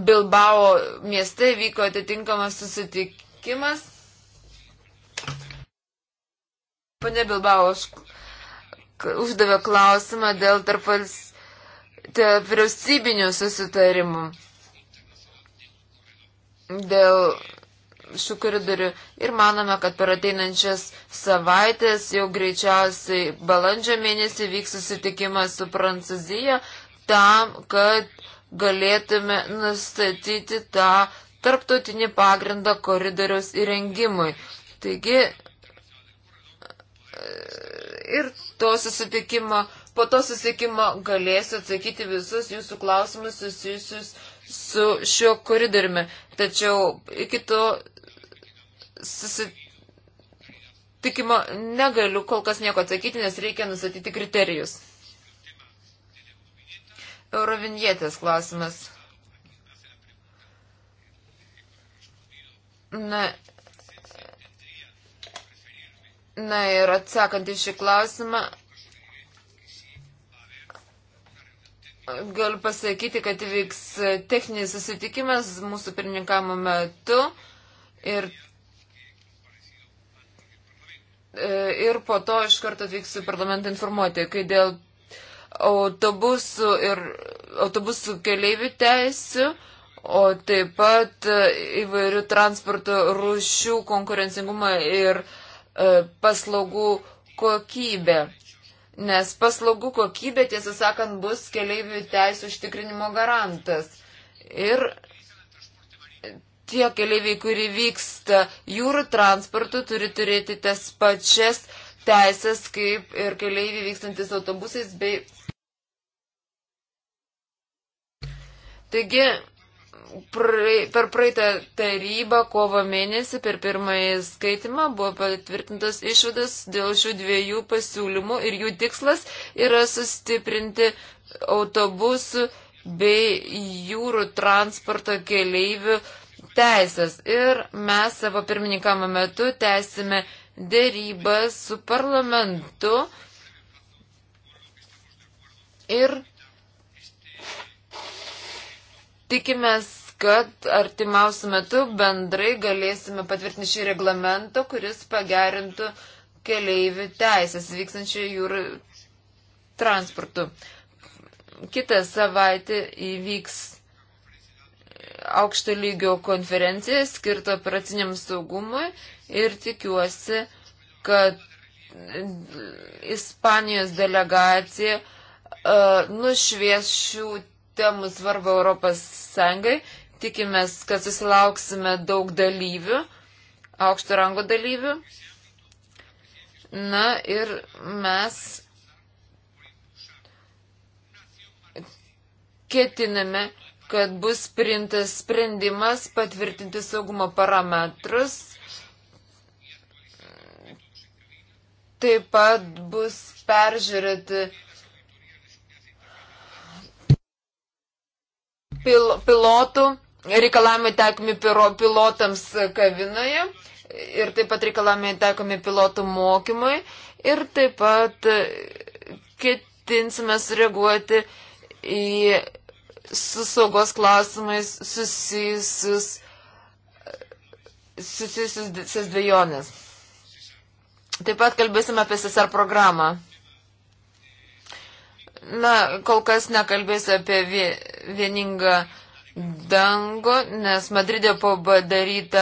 Bilbao mieste vyko atitinkamas susitikimas. Pane Bilbao, aš uždavė klausimą dėl tarp vyriausybinių susitarimų. Dėl šių koridorių ir manome, kad per ateinančias savaitės jau greičiausiai balandžio mėnesį vyks susitikimas su Prancūzija tam, kad galėtume nustatyti tą tarptautinį pagrindą koridoriaus įrengimui. Taigi ir to susitikimo, po to susitikimo galėsiu atsakyti visus jūsų klausimus susijusius su šiuo koridoriumi. Tačiau iki to susitikimo negaliu kol kas nieko atsakyti, nes reikia nusatyti kriterijus. Eurovinietės klausimas. Na, na ir atsakant į šį klausimą, Galiu pasakyti, kad vyks techninis susitikimas mūsų pirmininkamo metu ir, e, ir po to iš karto atvyksiu parlamentą informuoti, kai dėl autobusų ir autobusų keleivių teisių, o taip pat e, įvairių transporto rūšių konkurencingumą ir e, paslaugų kokybę nes paslaugų kokybė, tiesą sakant, bus keleivių teisų užtikrinimo garantas. Ir tie keleiviai, kurie vyksta jūrų transportu, turi turėti tas pačias teisės, kaip ir keleiviai vykstantis autobusais bei. Taigi, per praeitą tarybą kovo mėnesį per pirmąjį skaitimą buvo patvirtintas išvadas dėl šių dviejų pasiūlymų ir jų tikslas yra sustiprinti autobusų bei jūrų transporto keleivių teisės. Ir mes savo pirmininkamo metu tęsime dėrybą su parlamentu ir Tikimės, kad artimiausių metų bendrai galėsime patvirtinti šį reglamentą, kuris pagerintų keleivių teisės vykstančių jūrų transportu. Kitą savaitę įvyks aukšto lygio konferencija skirta operaciniam saugumui ir tikiuosi, kad Ispanijos delegacija uh, nušvies šių temų svarbą Europos Sąjungai. Tikimės, kad susilauksime daug dalyvių, aukšto rango dalyvių. Na ir mes ketiname, kad bus priimtas sprendimas patvirtinti saugumo parametrus. Taip pat bus peržiūrėti pil, pilotų, reikalavimai taikomi pilotams kavinoje ir taip pat reikalavimai taikomi pilotų mokymui ir taip pat e, ketinsime sureaguoti į su saugos klausimais susijusius susijusius dvejonės. Taip pat kalbėsime apie SSR programą. Na, kol kas nekalbės apie vieningą dangų, nes Madridė padaryta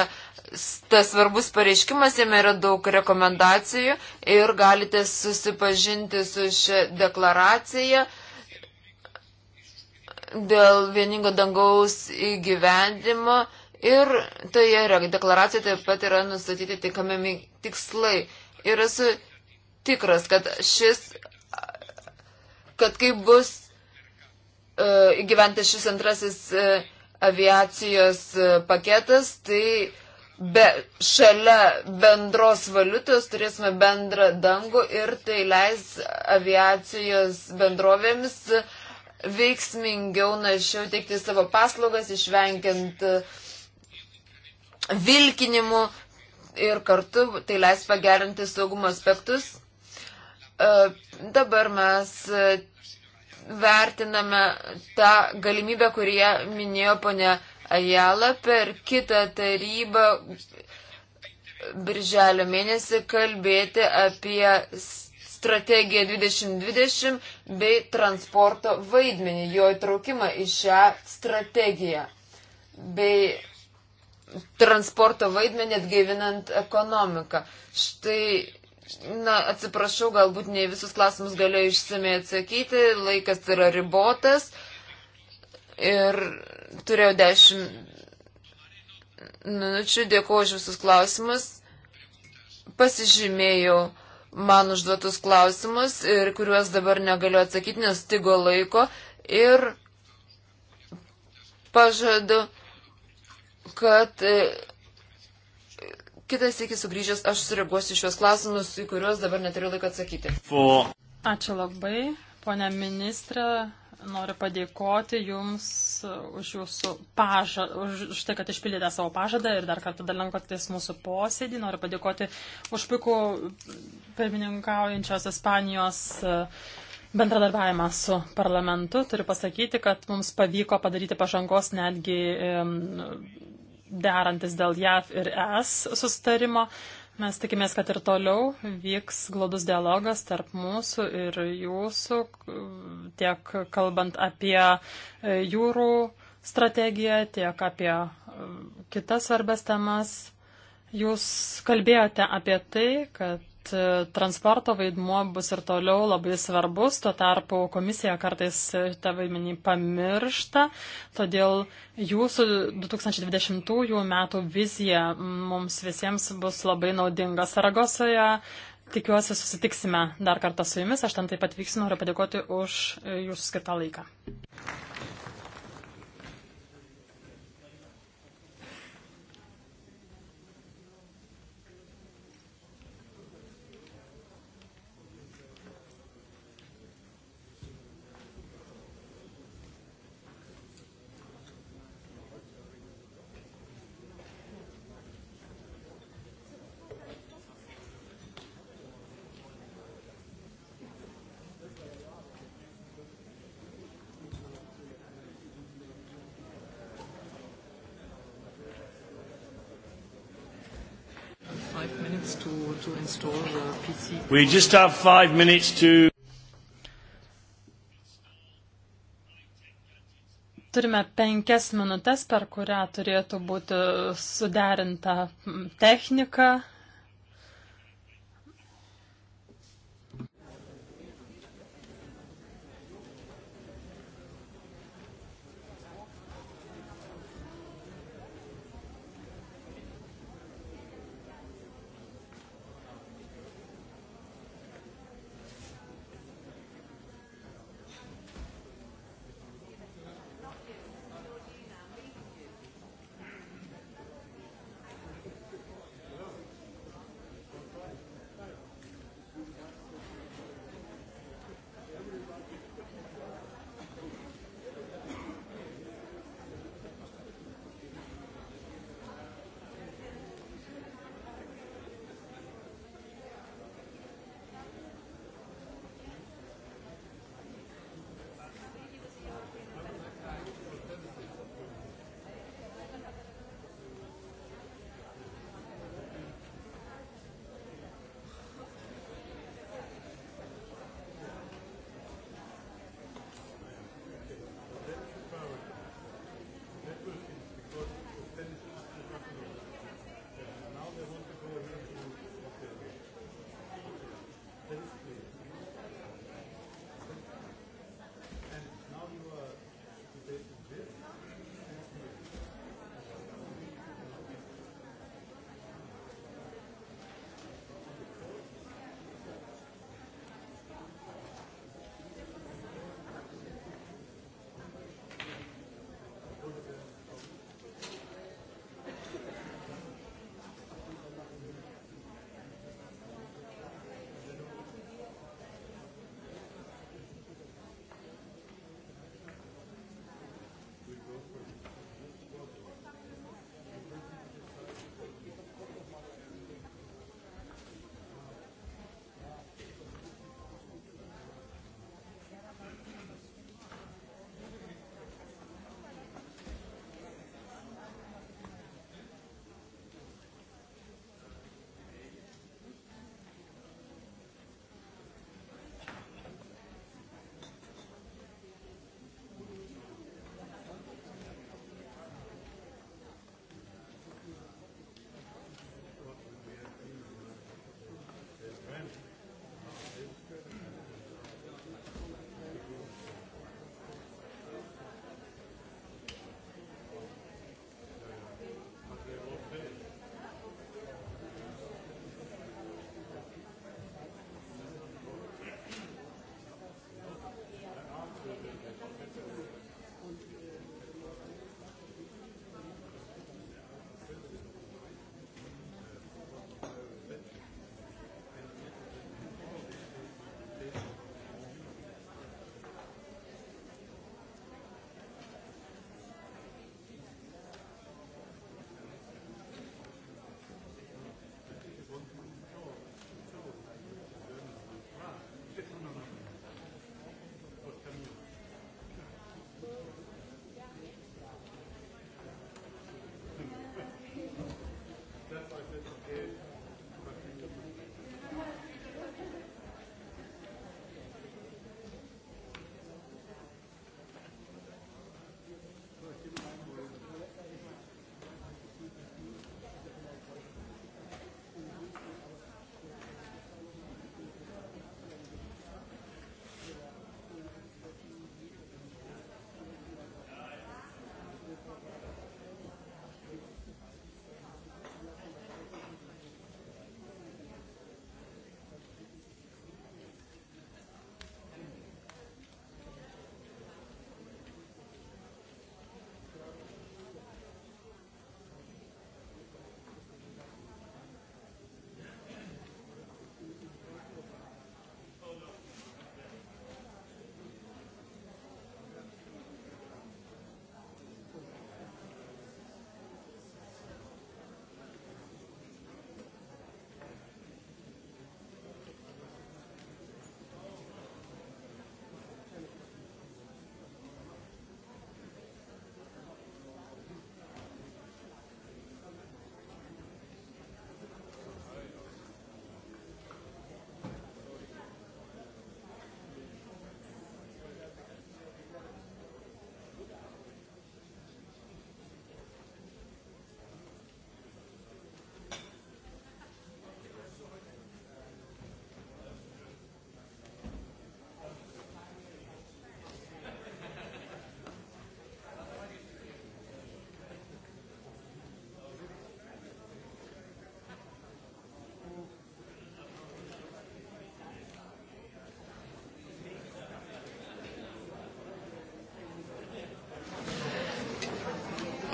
tas svarbus pareiškimas, jame yra daug rekomendacijų ir galite susipažinti su šią deklaraciją dėl vieningo dangaus įgyvendimo ir toje deklaracijoje taip pat yra nustatyti tikami tikslai. Ir esu tikras, kad šis kad kaip bus e, įgyventas šis antrasis e, aviacijos e, paketas, tai be, šalia bendros valiutos turėsime bendrą dangų ir tai leis aviacijos bendrovėmis veiksmingiau, našiau teikti savo paslaugas, išvengiant vilkinimų ir kartu tai leis pagerinti saugumo aspektus E, dabar mes e, vertiname tą galimybę, kurie minėjo ponia Ajala per kitą tarybą birželio mėnesį kalbėti apie strategiją 2020 bei transporto vaidmenį, jo įtraukimą į šią strategiją bei transporto vaidmenį atgaivinant ekonomiką. Štai Na, atsiprašau, galbūt ne visus klausimus galiu išsamei atsakyti, laikas yra ribotas ir turėjau 10 minučių, dėkuoju už visus klausimus, pasižymėjau man užduotus klausimus ir kuriuos dabar negaliu atsakyti, nes stigo laiko ir pažadu, kad Kitas iki sugrįžęs aš sureaguosiu šios klausimus, į kuriuos dabar neturiu laiko atsakyti. Ačiū labai, ponia ministrė. Noriu padėkoti Jums už Jūsų pažadą, už tai, kad išpildėte savo pažadą ir dar kartą dalinkotės mūsų posėdį. Noriu padėkoti už puikų pirmininkaujančios Ispanijos e, bendradarbiavimą su parlamentu. Turiu pasakyti, kad mums pavyko padaryti pažangos netgi derantis dėl JAV ir ES sustarimo. Mes tikimės, kad ir toliau vyks glodus dialogas tarp mūsų ir jūsų, tiek kalbant apie e, jūrų strategiją, tiek apie e, kitas svarbės temas. Jūs kalbėjote apie tai, kad E, transporto vaidmuo bus ir toliau labai svarbus, tuo tarpu komisija kartais tą vaidmenį pamiršta, todėl jūsų 2020 metų vizija mums visiems bus labai naudinga Saragosoje. Tikiuosi, susitiksime dar kartą su jumis, aš ten taip pat vyksiu, noriu padėkoti už e, jūsų skirtą laiką. We just have five minutes to... Turime penkias minutės, per kurią turėtų būti suderinta technika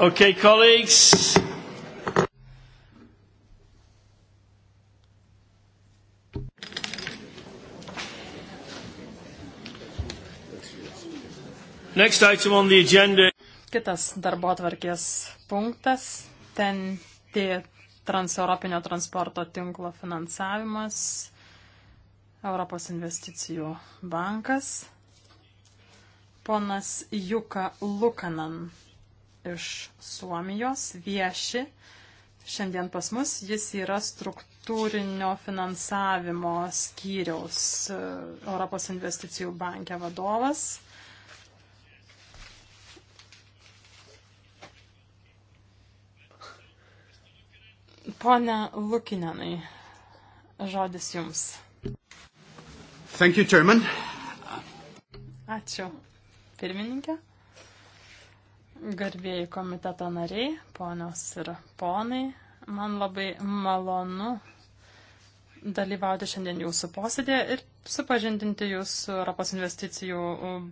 Okay, colleagues. Next item on the agenda. Kitas darbo atvarkės punktas - ten tie transeuropinio transporto tinklo finansavimas, Europos investicijų bankas, ponas Juka Lukanan iš Suomijos vieši. Šiandien pas mus jis yra struktūrinio finansavimo skyriaus e, Europos investicijų bankė vadovas. Pone Lukinenai, žodis jums. Thank you, Chairman. Ačiū. Pirmininkė. Garbėjai komiteto nariai, ponios ir ponai, man labai malonu dalyvauti šiandien jūsų posėdėje ir supažindinti jūs su Europos investicijų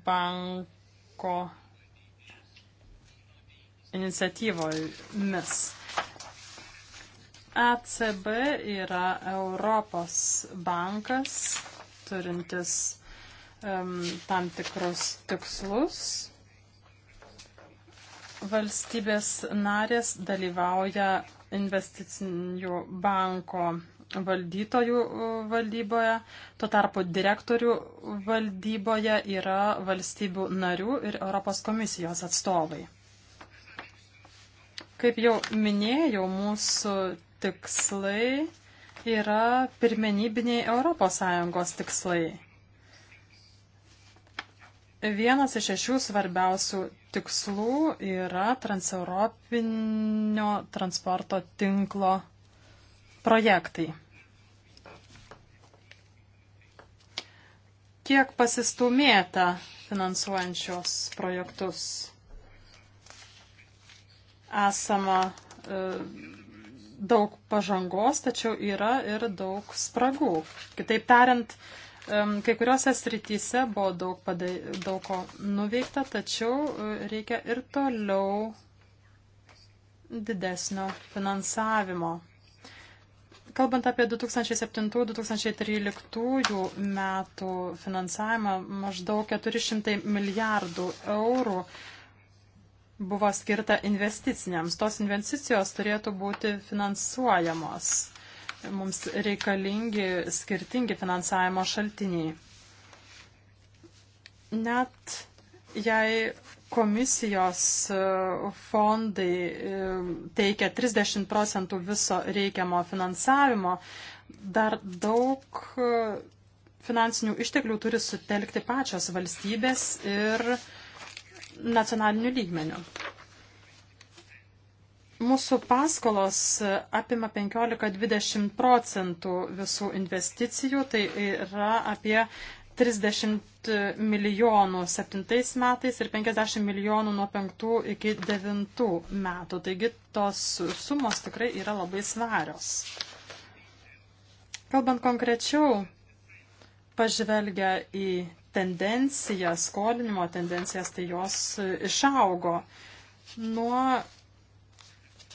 banko iniciatyvomis. ECB yra Europos bankas, turintis um, tam tikrus tikslus Valstybės narės dalyvauja investicinių banko valdytojų valdyboje, tuo tarpu direktorių valdyboje yra valstybių narių ir Europos komisijos atstovai. Kaip jau minėjau, mūsų tikslai yra pirmenybiniai ES tikslai. Vienas iš šešių svarbiausių tikslų yra transeuropinio transporto tinklo projektai. Kiek pasistumėta finansuojančios projektus? Esama e, daug pažangos, tačiau yra ir daug spragų. Kitaip tariant, e, Kai kuriuose srityse buvo daug, padai, daug ko nuveikta, tačiau e, reikia ir toliau didesnio finansavimo. Kalbant apie 2007-2013 metų finansavimą, maždaug 400 milijardų eurų buvo skirta investiciniams. Tos investicijos turėtų būti finansuojamos mums reikalingi skirtingi finansavimo šaltiniai. Net jei komisijos e, fondai e, teikia 30 procentų viso reikiamo finansavimo, dar daug e, finansinių išteklių turi sutelkti pačios valstybės ir nacionalinių lygmenių. Mūsų paskolos apima 15-20 procentų visų investicijų, tai yra apie 30 milijonų 7 metais ir 50 milijonų nuo 5 iki 9 metų. Taigi tos sumos tikrai yra labai svarios. Kalbant konkrečiau, pažvelgia į tendenciją, skolinimo tendencijas, tai jos išaugo nuo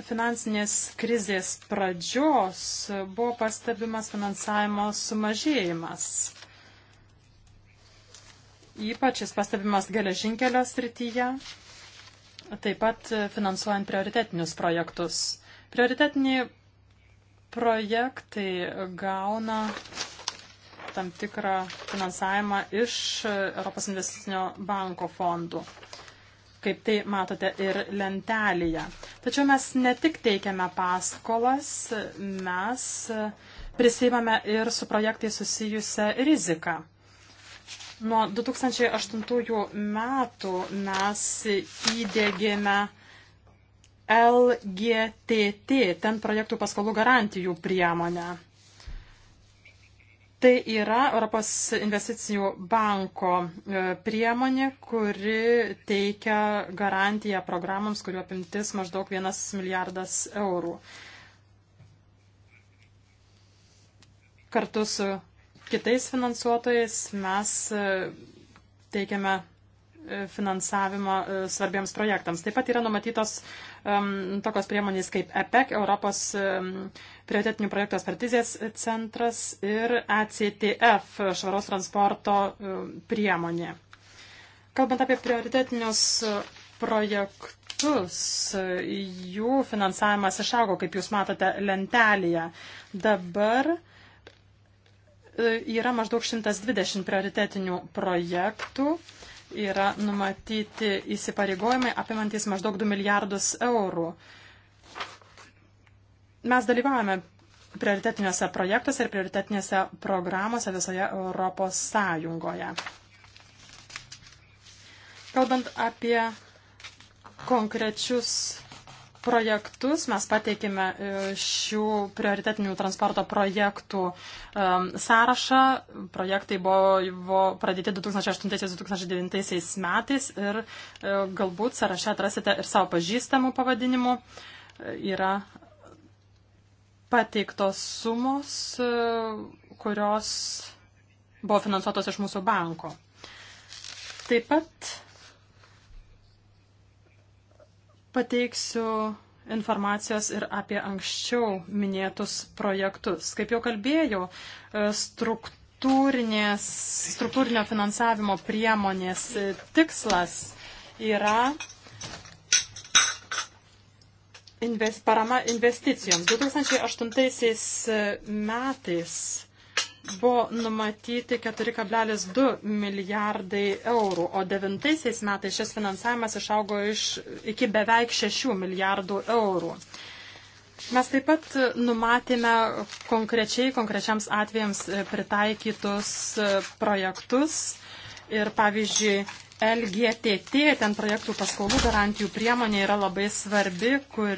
finansinės krizės pradžios buvo pastebimas finansavimo sumažėjimas. Ypač jis pastebimas geležinkelio srityje, taip pat finansuojant prioritetinius projektus. Prioritetiniai projektai gauna tam tikrą finansavimą iš Europos investicinio banko fondų kaip tai matote ir lentelėje. Tačiau mes ne tik teikiame paskolas, mes prisimame ir su projektai susijusią riziką. Nuo 2008 metų mes įdėgėme LGTT, ten projektų paskolų garantijų priemonę. Tai yra Europos investicijų banko e, priemonė, kuri teikia garantiją programams, kuriuo apimtis maždaug 1 milijardas eurų. Kartu su kitais finansuotojais mes e, teikiame finansavimą e, svarbiems projektams. Taip pat yra numatytos um, tokios priemonės kaip EPEC, Europos um, prioritetinių projektų ekspertizės centras ir ACTF, švaros transporto um, priemonė. Kalbant apie prioritetinius e, projektus, jų finansavimas išaugo, kaip jūs matote, lentelėje. Dabar yra maždaug 120 prioritetinių projektų. Uh, yra numatyti įsipareigojimai apimantis maždaug 2 milijardus eurų. Mes dalyvavome prioritetiniuose projektuose ir prioritetinėse programuose visoje Europos Sąjungoje. Kalbant apie konkrečius projektus. Mes pateikėme e, šių prioritetinių transporto projektų sąrašą. Projektai buvo, buvo pradėti 2008-2009 metais ir e, galbūt sąraše atrasite ir savo pažįstamų pavadinimų. E, yra pateiktos sumos, kurios buvo finansuotos iš mūsų banko. Taip pat pateiksiu informacijos ir apie anksčiau minėtus projektus. Kaip jau kalbėjau, e, struktūrinio finansavimo priemonės e, tikslas yra invest, parama investicijoms. 2008 e, metais buvo numatyti 4,2 milijardai eurų, o devintaisiais metais šis finansavimas išaugo iš, iki beveik 6 milijardų eurų. Mes taip pat numatėme konkrečiai, konkrečiams atvejams pritaikytus projektus ir pavyzdžiui LGTT, ten projektų paskolų garantijų priemonė yra labai svarbi, kur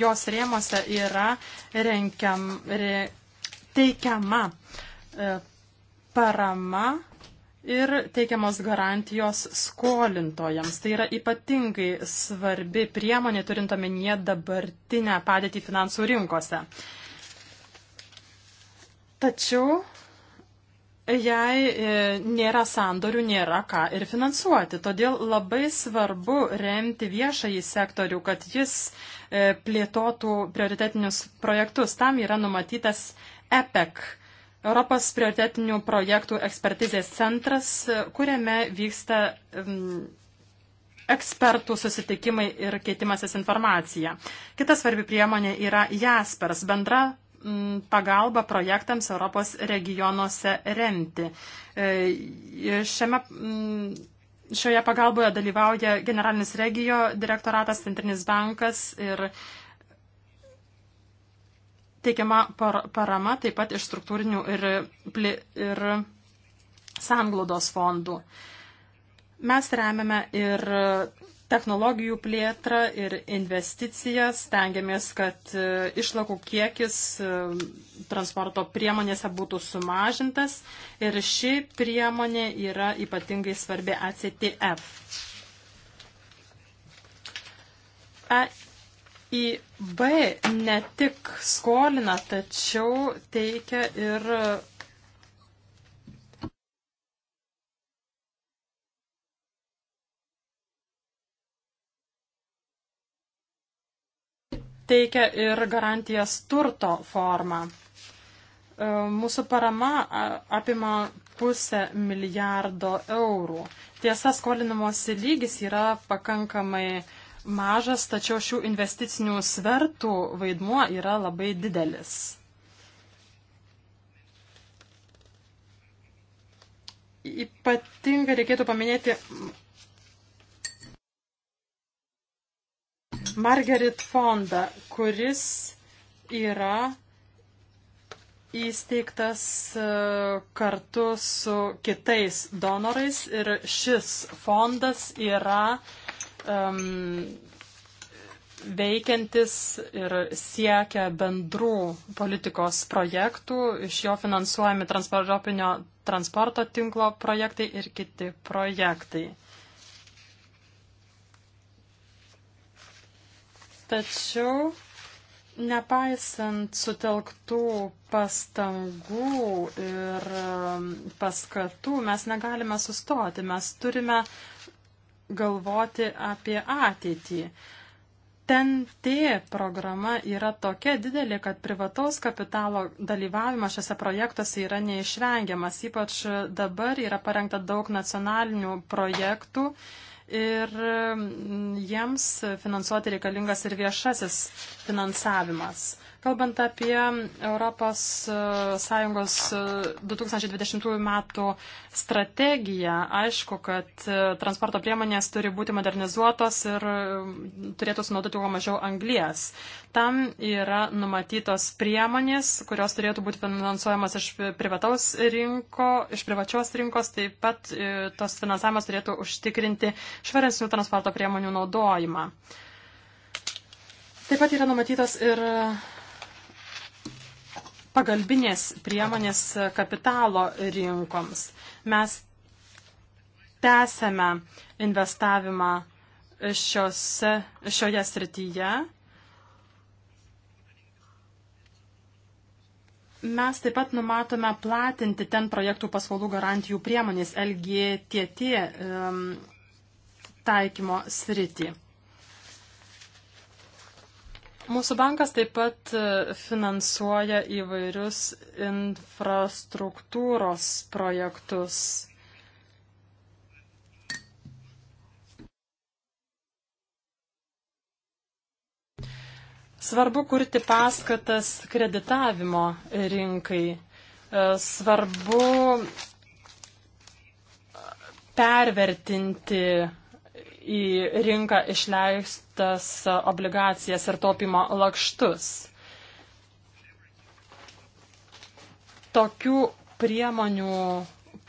jos rėmose yra renkiam, re, teikiama uh, E, parama ir teikiamos garantijos skolintojams. Tai yra ypatingai svarbi priemonė turint omenyje dabartinę padėtį finansų rinkose. Tačiau jei e, nėra sandorių, nėra ką ir finansuoti. Todėl labai svarbu remti viešąjį sektorių, kad jis e, plėtotų prioritetinius projektus. Tam yra numatytas EPEC Europos prioritetinių projektų ekspertizės centras, kuriame vyksta ekspertų susitikimai ir keitimasis informacija. Kita svarbi priemonė yra JASPERS bendra pagalba projektams Europos regionuose remti. E, šiame, šioje pagalboje dalyvauja generalinis regio direktoratas, centrinis bankas ir Teikiama par, parama taip pat iš struktūrinių ir, ir sanglaudos fondų. Mes remiame ir technologijų plėtrą ir investicijas, tengiamės, kad e, išlakų kiekis e, transporto priemonėse būtų sumažintas ir ši priemonė yra ypatingai svarbi ACTF. E, EIB ne tik skolina, tačiau teikia ir teikia ir garantijas turto formą. E, mūsų parama apima pusę milijardo eurų. Tiesa, skolinimosi lygis yra pakankamai uh, mažas, tačiau šių investicinių svertų vaidmuo yra labai didelis. Ypatingai reikėtų paminėti Margaret fondą, kuris yra įsteigtas e, kartu su kitais donorais ir šis fondas yra uh, um, veikiantis ir siekia bendrų politikos projektų, iš jo finansuojami transeuropinio transporto tinklo projektai ir kiti projektai. Tačiau Nepaisant sutelktų pastangų ir paskatų, mes negalime sustoti, mes turime galvoti apie ateitį. Ten T programa yra tokia didelė, kad privataus kapitalo dalyvavimas šiuose projektuose yra neišvengiamas. Ypač dabar yra parengta daug nacionalinių projektų ir mm, jiems finansuoti reikalingas ir viešasis finansavimas. Kalbant apie ES 2020 e, e, metų strategiją, aišku, kad e, transporto priemonės turi būti modernizuotos ir turėtų sunaudoti kuo mažiau anglies. Tam yra numatytos priemonės, kurios turėtų būti finansuojamas iš, rinko, iš privačios rinkos, taip pat tos finansavimas turėtų užtikrinti švaresnių transporto priemonių naudojimą. Taip pat yra numatytos ir pagalbinės priemonės kapitalo rinkoms. Mes tęsėme investavimą šiose, šioje srityje. Mes taip pat numatome platinti ten projektų paskolų garantijų priemonės LGTT um, taikymo sritį. Mūsų bankas taip pat e, finansuoja įvairius infrastruktūros projektus. Svarbu kurti paskatas kreditavimo rinkai. E, svarbu pervertinti į rinką išleistas obligacijas ir taupimo lakštus. Tokių priemonių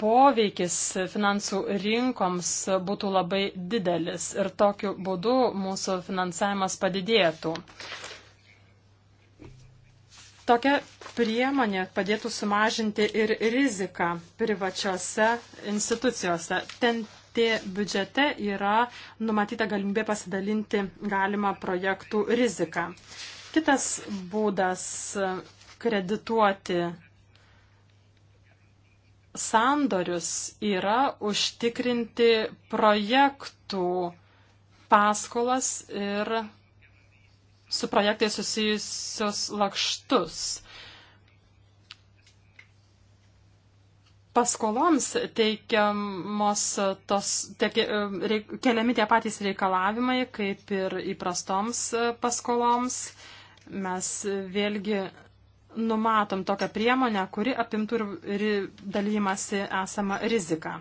poveikis finansų rinkoms būtų labai didelis ir tokiu būdu mūsų finansavimas padidėtų. Tokia priemonė padėtų sumažinti ir riziką privačiose institucijose. Ten BŽT biudžete yra numatyta galimybė pasidalinti galimą projektų riziką. Kitas būdas kredituoti sandorius yra užtikrinti projektų paskolas ir su projektai susijusios lakštus. paskoloms teikiamos tos, tiek, e, reik, keliami tie patys reikalavimai, kaip ir įprastoms e, paskoloms. Mes vėlgi numatom tokią priemonę, kuri apimtų ir dalymasi esamą riziką.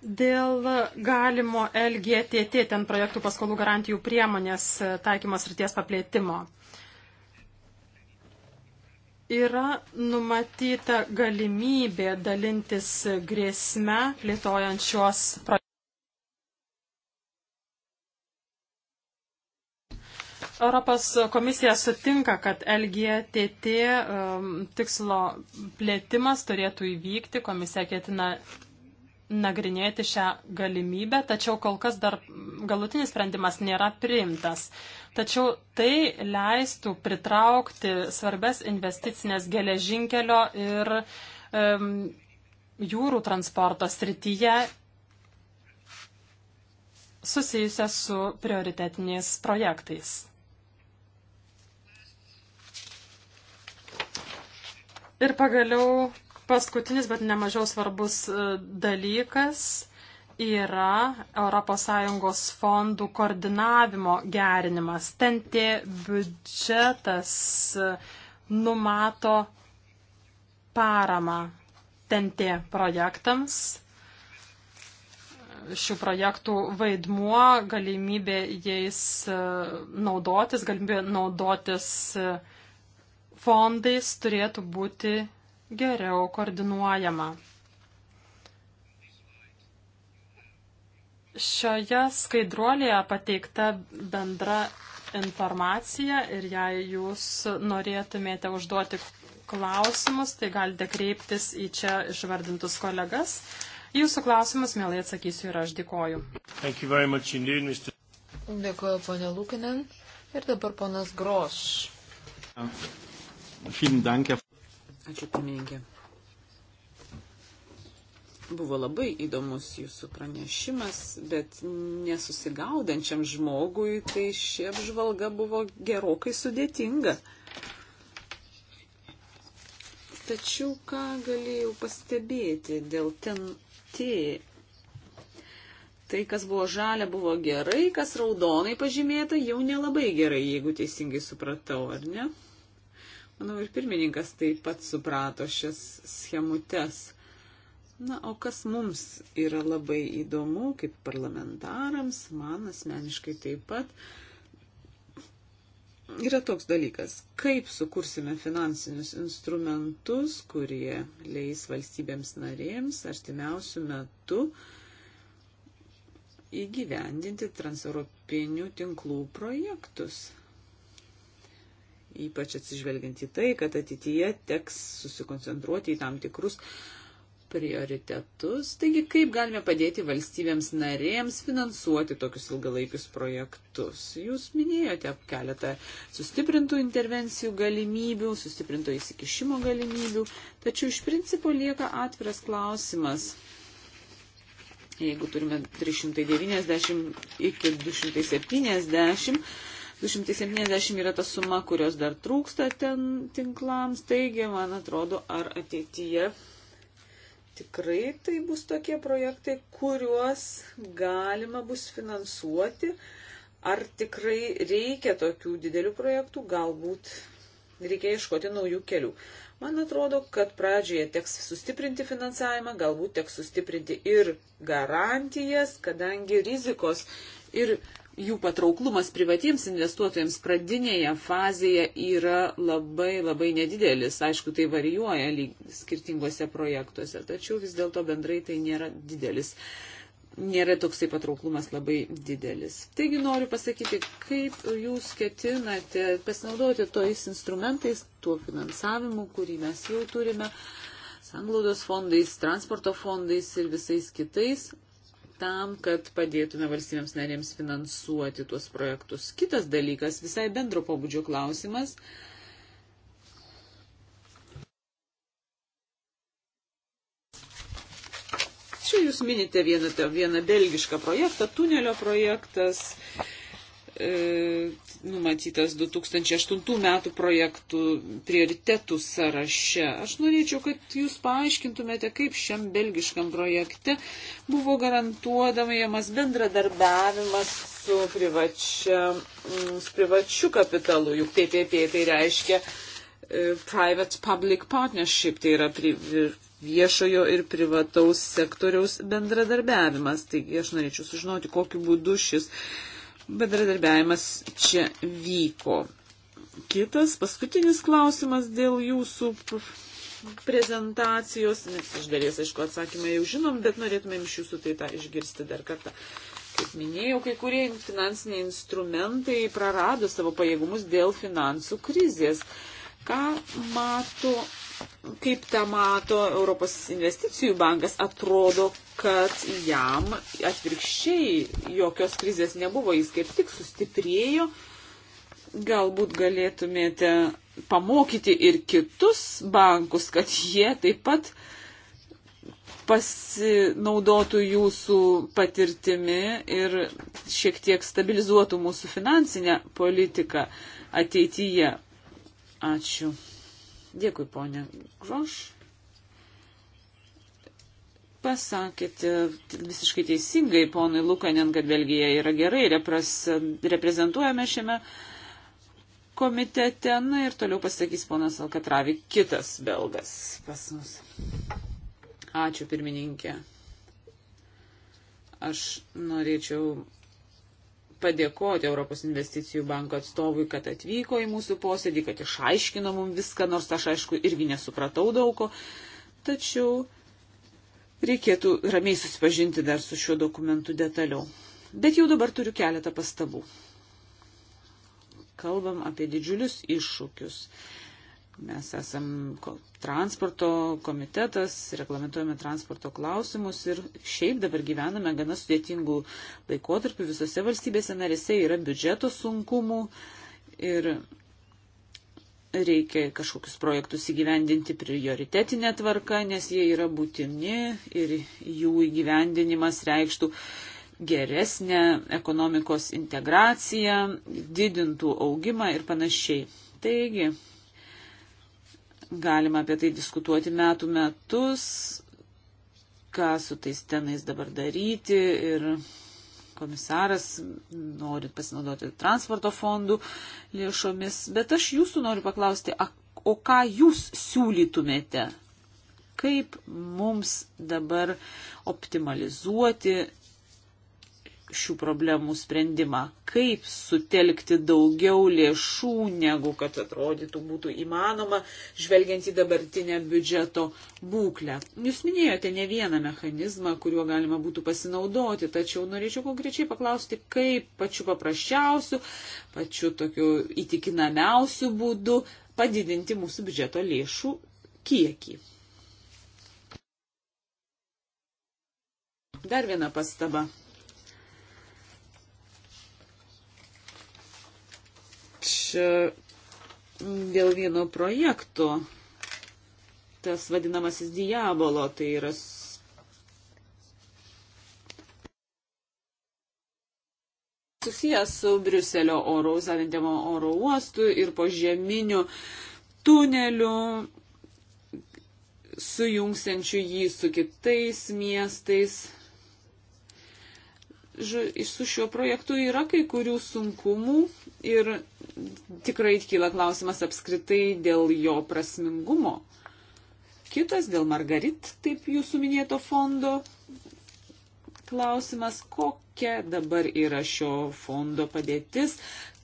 Dėl galimo LGTT, ten projektų paskolų garantijų priemonės e, taikymas ryties paplėtimo yra numatyta galimybė dalintis grėsme plėtojant šios. Europos komisija sutinka, kad LGTT um, tikslo plėtimas turėtų įvykti. Komisija ketina nagrinėti šią galimybę, tačiau kol kas dar galutinis sprendimas nėra priimtas. Tačiau tai leistų pritraukti svarbes investicinės geležinkelio ir um, jūrų transporto srityje susijusią su prioritetiniais projektais. Ir pagaliau Paskutinis, bet nemažiau svarbus e, dalykas yra ES fondų koordinavimo gerinimas. Ten tie biudžetas e, numato paramą TNT projektams. Šių projektų vaidmuo, galimybė jais e, naudotis, galimybė naudotis fondais turėtų būti geriau koordinuojama. Šioje skaidruolėje pateikta bendra informacija ir jei jūs norėtumėte užduoti klausimus, tai galite kreiptis į čia išvardintus kolegas. Jūsų klausimus mielai atsakysiu ir aš dėkoju. Indeed, dėkoju, ponė Lūkinen. Ir dabar ponas Groš. Dank, Ačiū pirmininkė. Buvo labai įdomus jūsų pranešimas, bet nesusigaudančiam žmogui tai ši apžvalga buvo gerokai sudėtinga. Tačiau ką galėjau pastebėti dėl ten T. Tai, kas buvo žalia, buvo gerai, kas raudonai pažymėta, jau nelabai gerai, jeigu teisingai supratau, ar ne? Manau, ir pirmininkas taip pat suprato šias schemutes. Na, o kas mums yra labai įdomu, kaip parlamentarams, man asmeniškai taip pat, yra toks dalykas, kaip sukursime finansinius instrumentus, kurie leis valstybėms narėms artimiausių metų įgyvendinti transeuropinių tinklų projektus ypač atsižvelgiant į tai, kad ateityje teks susikoncentruoti į tam tikrus prioritetus. Taigi, kaip galime padėti valstybėms narėms finansuoti tokius ilgalaikius projektus? Jūs minėjote keletą sustiprintų intervencijų galimybių, sustiprinto įsikišimo galimybių, tačiau iš principo lieka atviras klausimas. Jeigu turime 390 iki 270, 270 yra ta suma, kurios dar trūksta ten tinklams, taigi, man atrodo, ar ateityje tikrai tai bus tokie projektai, kuriuos galima bus finansuoti, ar tikrai reikia tokių didelių projektų, galbūt reikia ieškoti naujų kelių. Man atrodo, kad pradžioje teks sustiprinti finansavimą, galbūt teks sustiprinti ir garantijas, kadangi rizikos ir jų patrauklumas privatiems investuotojams pradinėje fazėje yra labai labai nedidelis. Aišku, tai varijuoja skirtingose projektuose, tačiau vis dėlto bendrai tai nėra didelis. Nėra toksai patrauklumas labai didelis. Taigi noriu pasakyti, kaip jūs ketinate pasinaudoti tojais instrumentais, tuo finansavimu, kurį mes jau turime, sanglaudos fondais, transporto fondais ir visais kitais tam, kad padėtume valstybėms narėms finansuoti tuos projektus. Kitas dalykas, visai bendro pobūdžio klausimas. Čia jūs minite vieną, vieną belgišką projektą, tunelio projektas. Uh, E, numatytas 2008 metų projektų prioritetų sąraše. Aš norėčiau, kad jūs paaiškintumėte, kaip šiam belgiškam projekte buvo garantuodamas bendradarbiavimas su, privačia, mm, su privačiu kapitalu, juk PPP tai reiškia e, Private Public Partnership, tai yra pri, viešojo ir privataus sektoriaus bendradarbiavimas. Taigi aš norėčiau sužinoti, kokiu būdu šis bedradarbiavimas čia vyko. Kitas, paskutinis klausimas dėl jūsų prezentacijos, nes iš dalies, aišku, atsakymą jau žinom, bet norėtumėm iš jūsų tai tą išgirsti dar kartą. Kaip minėjau, kai kurie finansiniai instrumentai prarado savo pajėgumus dėl finansų krizės. Ką mato kaip tą mato Europos investicijų bankas, atrodo, kad jam atvirkščiai jokios krizės nebuvo, jis kaip tik sustiprėjo. Galbūt galėtumėte pamokyti ir kitus bankus, kad jie taip pat pasinaudotų jūsų patirtimi ir šiek tiek stabilizuotų mūsų finansinę politiką ateityje. Ačiū. Dėkui, ponė Groš. Pasakėte visiškai teisingai, ponai Lukanen, kad Belgija yra gerai repres, reprezentuojame šiame komitete. Na ir toliau pasakys ponas Alkatravi, kitas belgas pas mus. Ačiū pirmininkė. Aš norėčiau padėkoti Europos investicijų banko atstovui, kad atvyko į mūsų posėdį, kad išaiškino mums viską, nors aš aišku irgi nesupratau daugo, tačiau reikėtų ramiai susipažinti dar su šiuo dokumentu detaliau. Bet jau dabar turiu keletą pastabų. Kalbam apie didžiulius iššūkius. Mes esam transporto komitetas, reglamentuojame transporto klausimus ir šiaip dabar gyvename gana sudėtingų laikotarpių. Visose valstybėse narėse yra biudžeto sunkumų ir reikia kažkokius projektus įgyvendinti prioritetinę tvarką, nes jie yra būtini ir jų įgyvendinimas reikštų geresnę ekonomikos integraciją, didintų augimą ir panašiai. Taigi, Galima apie tai diskutuoti metų metus, ką su tais tenais dabar daryti ir komisaras nori pasinaudoti transporto fondų lėšomis, bet aš jūsų noriu paklausti, o ką jūs siūlytumėte, kaip mums dabar optimalizuoti šių problemų sprendimą, kaip sutelkti daugiau lėšų, negu kad atrodytų būtų įmanoma, žvelgiant į dabartinę biudžeto būklę. Jūs minėjote ne vieną mechanizmą, kuriuo galima būtų pasinaudoti, tačiau norėčiau konkrečiai paklausti, kaip pačiu paprasčiausiu, pačiu tokiu įtikinamiausiu būdu padidinti mūsų biudžeto lėšų kiekį. Dar viena pastaba čia dėl vieno projekto, tas vadinamasis diabolo, tai yra susijęs su Briuselio oro, Zaventėmo oro uostu ir po žeminiu tuneliu sujungsiančiu jį su kitais miestais su šiuo projektu yra kai kurių sunkumų ir tikrai kyla klausimas apskritai dėl jo prasmingumo. Kitas dėl Margarit, taip jūsų minėto fondo, klausimas, kokia dabar yra šio fondo padėtis,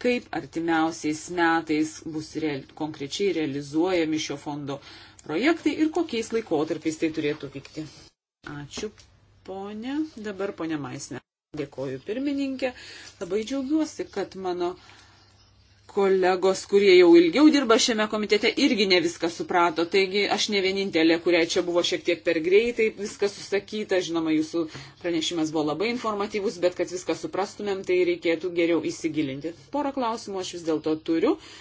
kaip artimiausiais metais bus real, konkrečiai realizuojami šio fondo projektai ir kokiais laikotarpiais tai turėtų vykti. Ačiū, ponė. Dabar ponė Maisne. Dėkoju pirmininkė. Labai džiaugiuosi, kad mano kolegos, kurie jau ilgiau dirba šiame komitete, irgi ne viską suprato. Taigi aš ne vienintelė, kuriai čia buvo šiek tiek per greitai viskas susakyta. Žinoma, jūsų pranešimas buvo labai informatyvus, bet kad viską suprastumėm, tai reikėtų geriau įsigilinti. Porą klausimų aš vis dėlto turiu. Uh,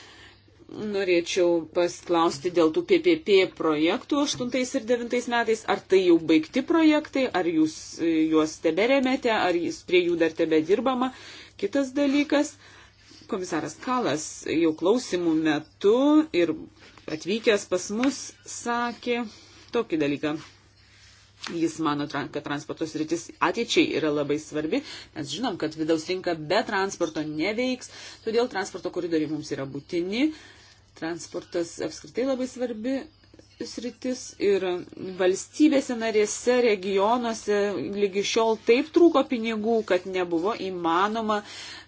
norėčiau pasklausti dėl tų PPP projektų 8 ir 9 metais. Ar tai jau baigti projektai, ar jūs e, juos tebe remete, ar jūs prie jų dar tebe dirbama. Kitas dalykas, komisaras Kalas jau klausimų metu ir atvykęs pas mus sakė tokį dalyką. Jis mano, kad transporto sritis ateičiai yra labai svarbi. Mes žinom, kad vidaus rinka be transporto neveiks, todėl transporto koridoriai mums yra būtini. Uh, Transportas apskritai labai svarbi sritis ir valstybėse narėse, regionuose lygi šiol taip trūko pinigų, kad nebuvo įmanoma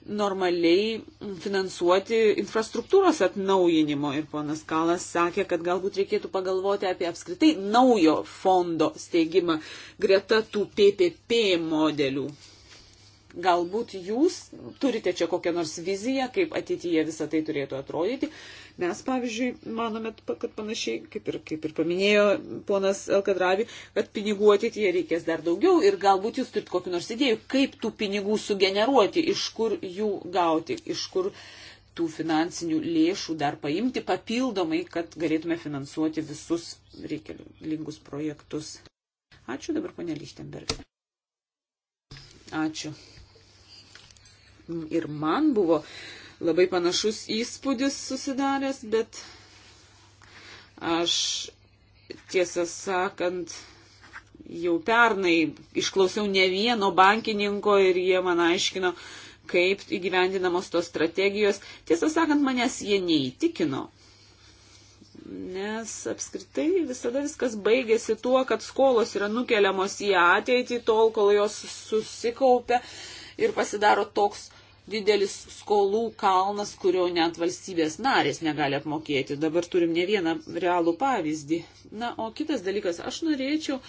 normaliai finansuoti infrastruktūros atnaujinimo. Ir ponas Kalas sakė, kad galbūt reikėtų pagalvoti apie apskritai naujo fondo steigimą greta tų PPP modelių. Galbūt jūs turite čia kokią nors viziją, kaip ateityje visą tai turėtų atrodyti Mes, pavyzdžiui, manome, kad panašiai, kaip ir, kaip ir paminėjo ponas Elkadravi, kad pinigų ateityje reikės dar daugiau ir galbūt jūs turit kokiu nors idėjų, kaip tų pinigų sugeneruoti, iš kur jų gauti, iš kur tų finansinių lėšų dar paimti papildomai, kad galėtume finansuoti visus reikalingus projektus. Ačiū dabar, ponė Lichtenberg. Ačiū. Ir man buvo labai panašus įspūdis susidaręs, bet aš tiesą sakant, jau pernai išklausiau ne vieno bankininko ir jie man aiškino, kaip įgyvendinamos tos strategijos. Tiesą sakant, manęs jie neįtikino. Nes apskritai visada viskas baigėsi tuo, kad skolos yra nukeliamos į ateitį tol, kol jos susikaupia ir pasidaro toks didelis skolų kalnas, kurio net valstybės narės negali apmokėti. Dabar turim ne vieną realų pavyzdį. Na, o kitas dalykas, aš norėčiau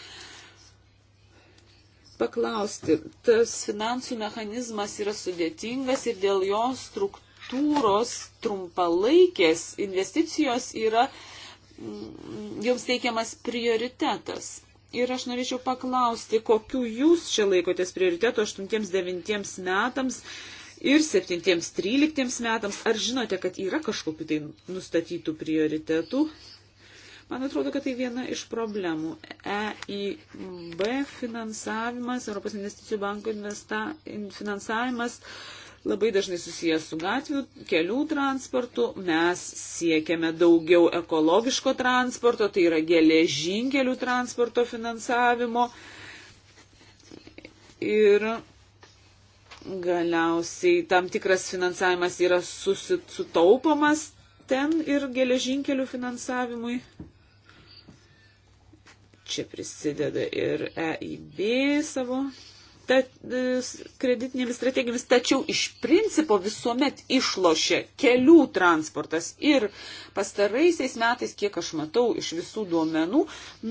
paklausti, tas finansų mechanizmas yra sudėtingas ir dėl jo struktūros trumpalaikės investicijos yra mm, jums teikiamas prioritetas. Ir aš norėčiau paklausti, kokiu jūs čia laikotės prioritetų 8-9 metams ir 7-13 metams. Ar žinote, kad yra kažkokiu tai nustatytų prioritetų? Man atrodo, kad tai viena iš problemų. EIB finansavimas, Europos investicijų banko investa, finansavimas labai dažnai susijęs su gatvių, kelių transportu. Mes siekiame daugiau ekologiško transporto, tai yra geležinkelių transporto finansavimo. Ir Galiausiai tam tikras finansavimas yra susitaupomas ten ir geležinkelių finansavimui. Čia prisideda ir EIB savo ta, e, kreditinėmis strategijomis, tačiau iš principo visuomet išlošia kelių transportas. Ir pastaraisiais metais, kiek aš matau iš visų duomenų,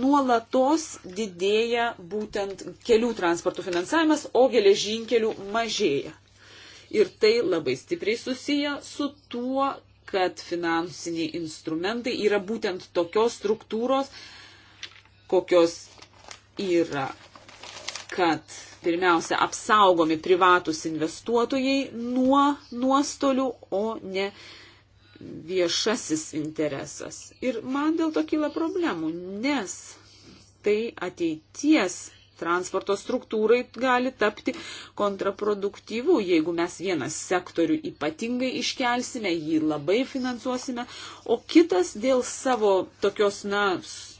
nuolatos didėja būtent kelių transportų finansavimas, o geležinkelių mažėja. Ir tai labai stipriai susiję su tuo, kad finansiniai instrumentai yra būtent tokios struktūros, kokios yra kad pirmiausia apsaugomi privatus investuotojai nuo nuostolių, o ne viešasis interesas. Ir man dėl to kyla problemų, nes tai ateities transporto struktūrai gali tapti kontraproduktyvu, jeigu mes vieną sektorių ypatingai iškelsime, jį labai finansuosime, o kitas dėl savo tokios, na,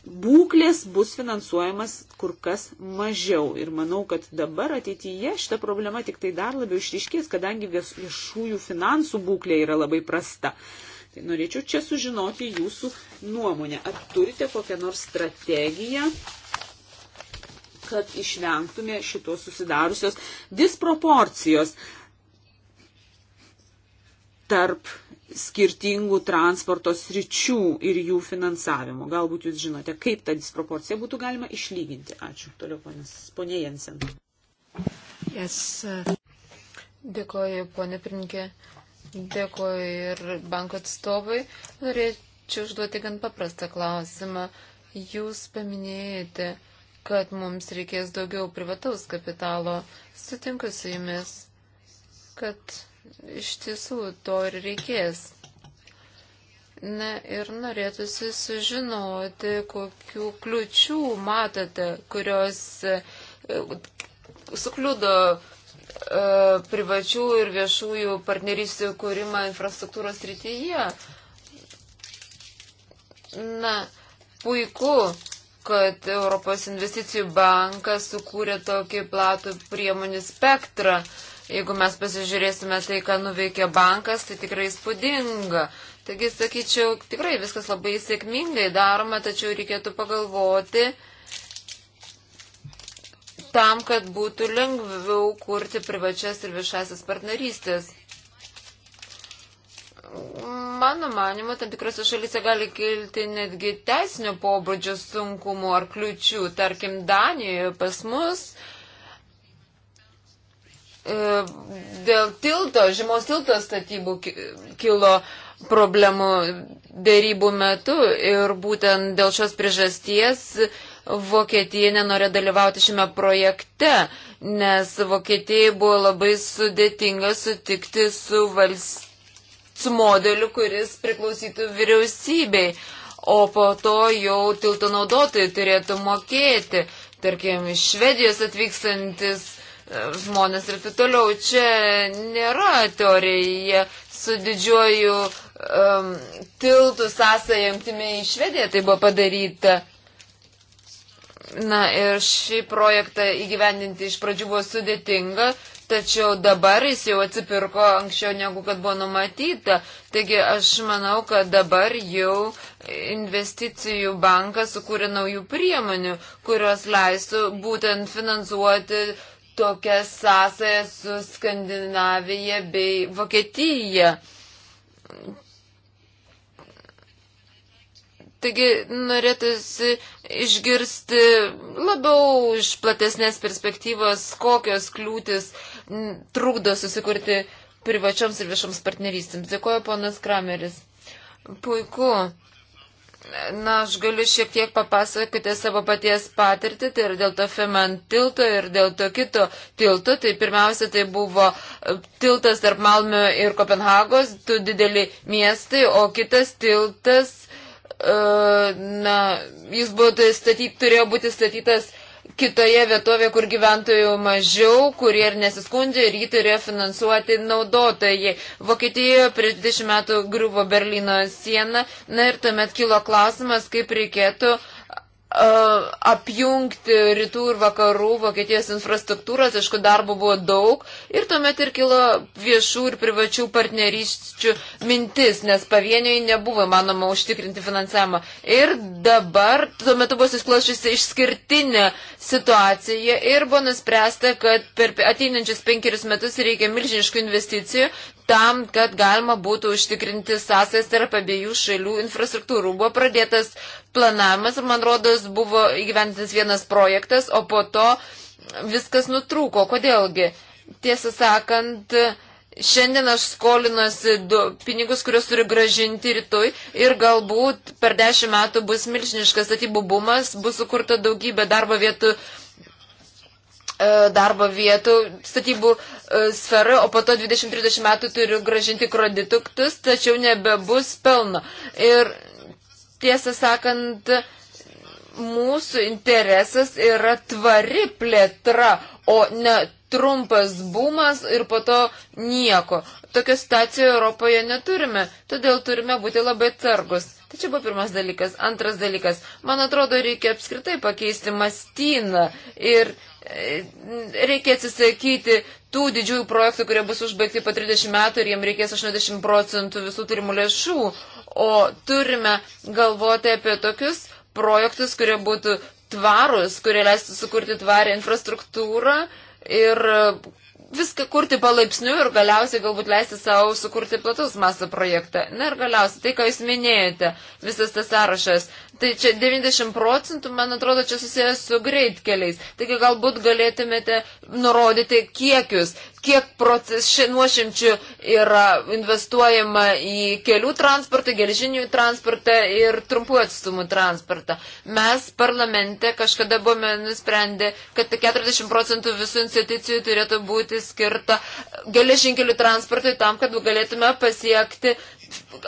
būklės bus finansuojamas kur kas mažiau. Ir manau, kad dabar ateityje šita problema tik tai dar labiau išryškės, kadangi viešųjų finansų būklė yra labai prasta. Tai norėčiau čia sužinoti jūsų nuomonę. Ar turite kokią nors strategiją, kad išvengtume šitos susidariusios disproporcijos tarp skirtingų transporto sričių ir jų finansavimo. Galbūt jūs žinote, kaip tą disproporciją būtų galima išlyginti. Ačiū. Toliau ponas, ponė Jensen. Yes. Uh, dėkoju, ponė Prinkė. Dėkoju ir banko atstovai. Norėčiau užduoti gan paprastą klausimą. Jūs paminėjote, kad mums reikės daugiau privataus kapitalo. Sutinku su jumis, kad iš tiesų to ir reikės. Na ir norėtųsi sužinoti, kokių kliučių matote, kurios e, sukliudo e, privačių ir viešųjų partnerysių kūrimą infrastruktūros rytyje. Na, puiku, kad Europos investicijų bankas sukūrė tokį platų priemonių spektrą. Uh, Jeigu mes pasižiūrėsime tai, ką nuveikė bankas, tai tikrai spūdinga. Taigi, sakyčiau, tikrai viskas labai sėkmingai daroma, tačiau reikėtų pagalvoti tam, kad būtų lengviau kurti privačias ir viešasias partnerystės. Mano manimo, tam tikrose šalyse gali kilti netgi teisinio pobūdžio sunkumų ar kliučių. Tarkim, Danijoje pas mus uh, E, dėl tilto, žymos tilto statybų kilo problemų dėrybų metu ir būtent dėl šios priežasties Vokietija nenorė dalyvauti šiame projekte, nes Vokietijai buvo labai sudėtinga sutikti su, valst... su modeliu, kuris priklausytų vyriausybei, o po to jau tilto naudotojai turėtų mokėti. Tarkim, iš Švedijos atvykstantis žmonės ir taip toliau. Čia nėra teorija su didžiuoju um, tiltų sąsąją jungtimi į Švediją, tai buvo padaryta. Na ir šį projektą įgyvendinti iš pradžių buvo sudėtinga, tačiau dabar jis jau atsipirko anksčiau negu kad buvo numatyta. Taigi aš manau, kad dabar jau investicijų bankas sukūrė naujų priemonių, kurios leistų būtent finansuoti tokias sąsajas su Skandinavija bei Vokietija. Taigi norėtųsi išgirsti labiau iš platesnės perspektyvos, kokios kliūtis trukdo susikurti privačioms ir viešoms partnerystėms. Dėkuoju, ponas Krameris. Puiku. Na, aš galiu šiek tiek papasakoti savo paties patirtį, tai ir dėl to Feman tilto, ir dėl to kito tilto. Tai pirmiausia, tai buvo e, tiltas tarp Malmio ir Kopenhagos, du dideli miestai, o kitas tiltas, e, na, jis buvo tai statyt, turėjo būti statytas kitoje vietovėje, kur gyventojų mažiau, kurie ir nesiskundžia ir jį turėjo finansuoti naudotojai. Vokietijoje prieš 20 metų griuvo Berlyno siena, na ir tuomet kilo klausimas, kaip reikėtų uh, apjungti rytų ir vakarų Vokietijos infrastruktūras, aišku, darbo buvo daug ir tuomet ir kilo viešų ir privačių partnerysčių mintis, nes pavieniai nebuvo manoma užtikrinti finansavimą. Ir dabar tuo metu buvo susklošusi išskirtinė situacija ir buvo nuspręsta, kad per ateinančius penkerius metus reikia milžiniškų investicijų tam, kad galima būtų užtikrinti sąsajas tarp abiejų šalių infrastruktūrų. Buvo pradėtas planavimas ir man rodos buvo įgyventas vienas projektas, o po to viskas nutrūko. Kodėlgi? Tiesą sakant, šiandien aš skolinuosi du, pinigus, kuriuos turiu gražinti rytoj ir galbūt per dešimt metų bus milžiniškas statybų bumas, bus sukurta daugybė darbo vietų e, darbo vietų statybų e, sferą, o po to 20-30 metų turiu gražinti kredituktus, tačiau nebebus pelno. Ir tiesą sakant, mūsų interesas yra tvari plėtra, o ne trumpas bumas ir po to nieko. Tokio stacijoje Europoje neturime, todėl turime būti labai atsargus. Tai čia buvo pirmas dalykas. Antras dalykas, man atrodo, reikia apskritai pakeisti mastyną ir e, reikia atsisakyti tų didžiųjų projektų, kurie bus užbaigti po 30 metų ir jiem reikės 80 procentų visų turimų lėšų o turime galvoti apie tokius projektus, kurie būtų tvarus, kurie leistų sukurti tvarę infrastruktūrą ir viską kurti palaipsniui ir galiausiai galbūt leisti savo sukurti platus masą projektą. Na ir galiausiai, tai ką jūs minėjote, visas tas sąrašas, tai čia 90 procentų, man atrodo, čia susijęs su greitkeliais. Taigi galbūt galėtumėte nurodyti kiekius, kiek nuošimčių yra investuojama į kelių transportą, gelžinių transportą ir trumpų atstumų transportą. Mes parlamente kažkada buvome nusprendę, kad 40 procentų visų institucijų turėtų būti skirta geležinkelių transportui tam, kad galėtume pasiekti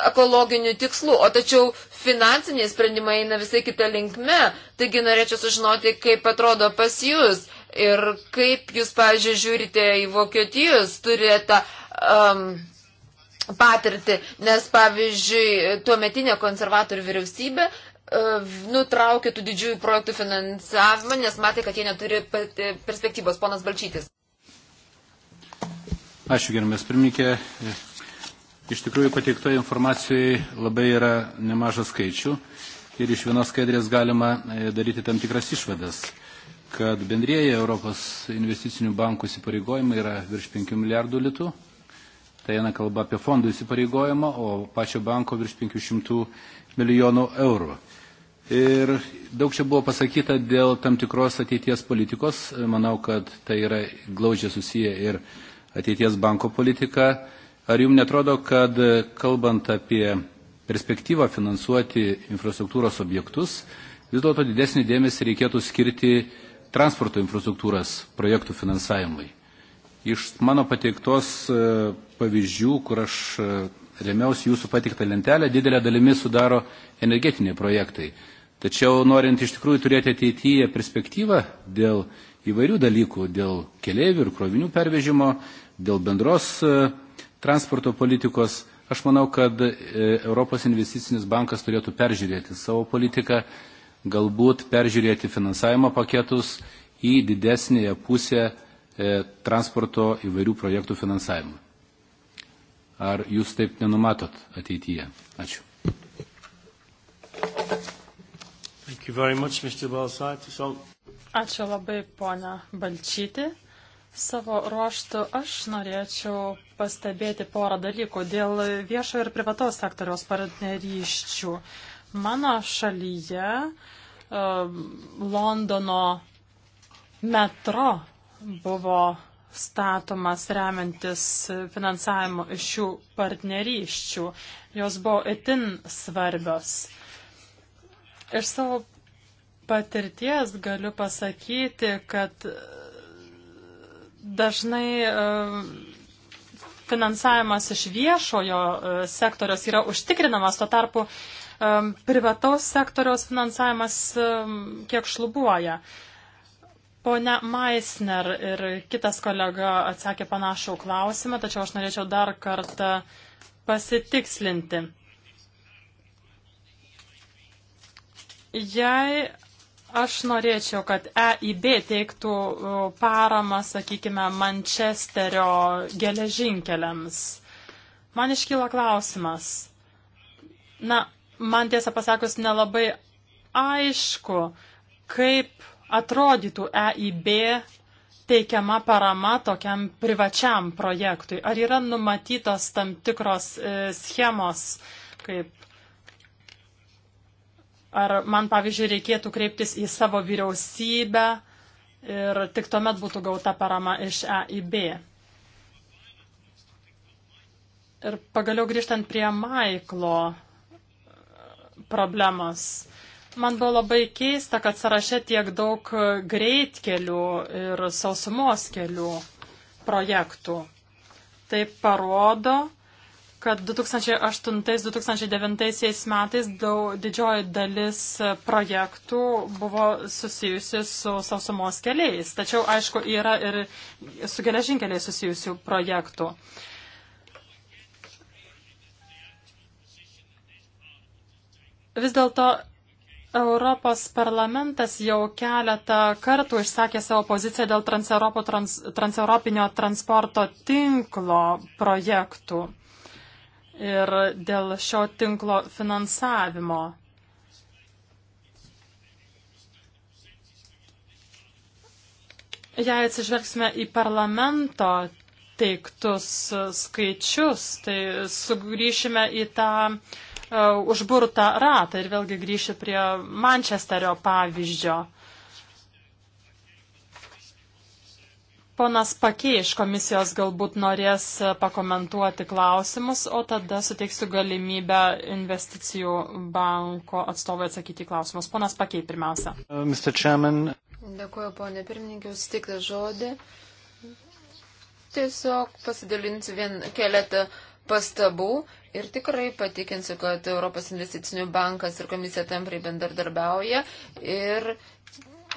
ekologinių tikslų, o tačiau finansiniai sprendimai eina visai kitą linkme. Taigi norėčiau sužinoti, kaip atrodo pas jūs Ir kaip jūs, pavyzdžiui, žiūrite į Vokietijos turėtą um, patirtį, nes, pavyzdžiui, tuo metinė konservatorių vyriausybė uh, nutraukė tų didžiųjų projektų finansavimą, nes matė, kad jie neturi perspektyvos. Ponas Balčytis. Ačiū, gerbiamas pirmininkė. Iš tikrųjų pateiktoje informacijoje labai yra nemažas skaičių ir iš vienos skaidrės galima e, daryti tam tikras išvadas kad bendrėje Europos investicinių bankų įsipareigojimai yra virš 5 milijardų litų. Tai eina kalba apie fondų įsipareigojimą, o pačio banko virš 500 milijonų eurų. Ir daug čia buvo pasakyta dėl tam tikros ateities politikos. Manau, kad tai yra glaudžiai susiję ir ateities banko politika. Ar jums netrodo, kad kalbant apie perspektyvą finansuoti infrastruktūros objektus, vis dėlto didesnį dėmesį reikėtų skirti transporto infrastruktūros projektų finansavimui. Iš mano pateiktos e, pavyzdžių, kur aš e, remiausi jūsų pateiktą lentelę, didelę dalimi sudaro energetiniai projektai. Tačiau norint iš tikrųjų turėti ateityje perspektyvą dėl įvairių dalykų, dėl keliaivių ir krovinių pervežimo, dėl bendros e, transporto politikos, aš manau, kad Europos investicinis bankas turėtų peržiūrėti savo politiką galbūt peržiūrėti finansavimo paketus į didesnėje pusę e, transporto įvairių projektų finansavimą. Ar jūs taip nenumatot ateityje? Ačiū. Much, so... Ačiū labai, ponia Balčyti. Savo ruoštų aš norėčiau pastebėti porą dalykų dėl viešo ir privataus sektoriaus partnerysčių. Uh, Mano šalyje e, Londono metro buvo statomas remiantis finansavimo iš šių partnerysčių. Jos buvo itin svarbios. Iš savo patirties galiu pasakyti, kad dažnai e, finansavimas iš viešojo e, sektoriaus yra užtikrinamas, tuo tarpu privataus sektoriaus finansavimas kiek šlubuoja. Pone Maisner ir kitas kolega atsakė panašų klausimą, tačiau aš norėčiau dar kartą pasitikslinti. Jei Aš norėčiau, kad EIB teiktų paramą, sakykime, Mančesterio geležinkeliams. Man iškyla klausimas. Na, man tiesą pasakus nelabai aišku, kaip atrodytų EIB teikiama parama tokiam privačiam projektui. Ar yra numatytos tam tikros e, schemos, kaip ar man, pavyzdžiui, reikėtų kreiptis į savo vyriausybę ir tik tuomet būtų gauta parama iš EIB. Ir pagaliau grįžtant prie Maiklo problemos. Man buvo labai keista, kad sąraše tiek daug greitkelių ir sausumos kelių projektų. Tai parodo, kad 2008-2009 metais daug, didžioji dalis projektų buvo susijusi su sausumos keliais. Tačiau, aišku, yra ir su geležinkeliais susijusių projektų. Uh, Vis dėlto Europos parlamentas jau keletą kartų išsakė savo poziciją dėl trans, transeuropinio transporto tinklo projektų ir dėl šio tinklo finansavimo. Jei atsižvelgsime į parlamento teiktus skaičius, tai sugrįšime į tą uh, E, užburtą ratą. Ir vėlgi grįšiu prie Mančesterio pavyzdžio. Ponas Pakė iš komisijos galbūt norės pakomentuoti klausimus, o tada suteiksiu galimybę investicijų banko atstovui atsakyti klausimus. Ponas Pakė pirmiausia. Uh, Dėkuoju, ponė pirmininkė, sutikti žodį. Tiesiog pasidalinsiu vien keletą pastabų Ir tikrai patikinsiu, kad Europos investicinių bankas ir komisija tamprai bendradarbiauja. Ir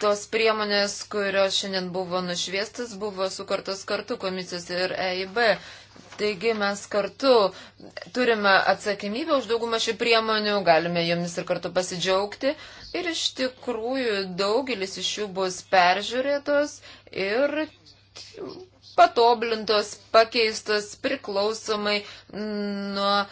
tos priemonės, kurios šiandien buvo nušviestas, buvo sukartos kartu komisijos ir EIB. Taigi mes kartu turime atsakymybę už daugumą šių priemonių, galime jomis ir kartu pasidžiaugti. Ir iš tikrųjų daugelis iš jų bus peržiūrėtos ir patoblintos, pakeistos priklausomai nuo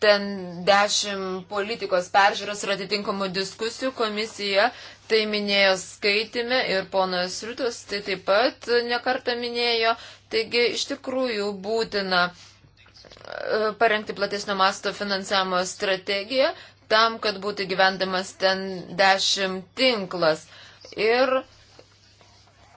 ten dešimt politikos peržiūros ir atitinkamų diskusijų komisija. Tai minėjo skaitime ir ponas Riutas tai taip pat nekartą minėjo. Taigi iš tikrųjų būtina e, parengti platesnio masto finansavimo strategiją tam, kad būtų gyvendamas ten dešimt tinklas. Ir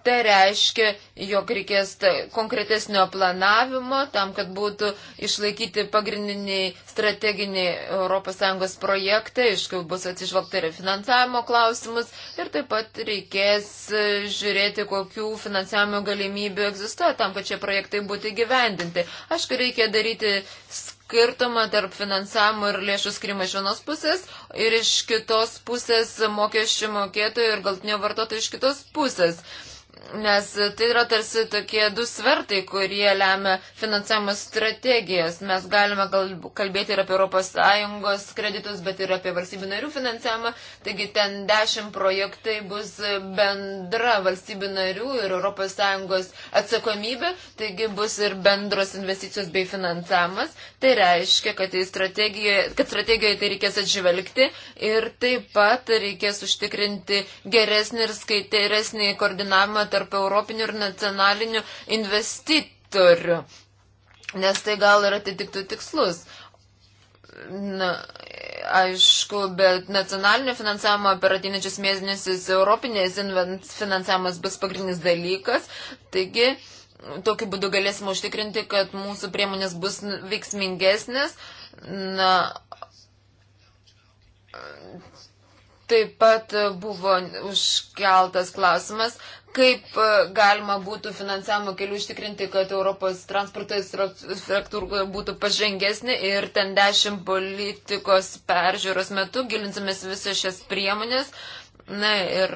Tai reiškia, jog reikės konkretesnio planavimo tam, kad būtų išlaikyti pagrindiniai strateginiai ES projektai, aišku, bus atsižvelgta ir finansavimo klausimus ir taip pat reikės e, žiūrėti, kokių finansavimo galimybių egzistuoja tam, kad šie projektai būtų įgyvendinti. Aišku, reikia daryti skirtumą tarp finansavimo ir lėšų skirimo iš vienos pusės ir iš kitos pusės mokesčių mokėtojų ir galtinio vartotojų iš kitos pusės. Nes tai yra tarsi tokie du svertai, kurie lemia finansavimo strategijas. Mes galime kalbėti ir apie ES kreditus, bet ir apie valstybių narių finansavimą. Taigi ten dešimt projektai bus bendra valstybių narių ir ES atsakomybė, taigi bus ir bendros investicijos bei finansavimas. Tai reiškia, kad, tai strategijoje, kad strategijoje tai reikės atžvelgti ir taip pat reikės užtikrinti geresnį ir skaitėresnį koordinavimą tarp europinių ir nacionalinių investitorių, nes tai gal ir atitiktų tikslus. Na, aišku, bet nacionalinio finansavimo per ateinančius mėnesius europinės finansavimas bus pagrindinis dalykas. Taigi, tokiu būdu galėsime užtikrinti, kad mūsų priemonės bus veiksmingesnės. Na, taip pat buvo užkeltas klausimas, kaip e, galima būtų finansavimo kelių užtikrinti, kad Europos transporto infrastruktūra būtų pažengesnė ir ten dešimt politikos peržiūros metu gilinsimės visas šias priemonės. Na ir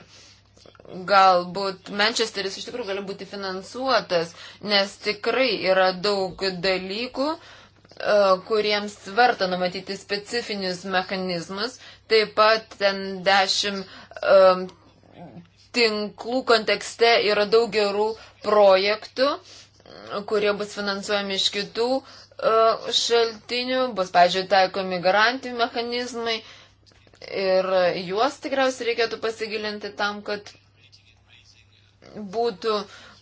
galbūt Manchesteris iš tikrųjų gali būti finansuotas, nes tikrai yra daug dalykų, e, kuriems verta numatyti specifinius mechanizmus. Taip pat ten dešimt e, tinklų kontekste yra daug gerų projektų, kurie bus finansuojami iš kitų e, šaltinių, bus, pažiūrėjau, taikomi garantijų mechanizmai ir juos tikriausiai reikėtų pasigilinti tam, kad būtų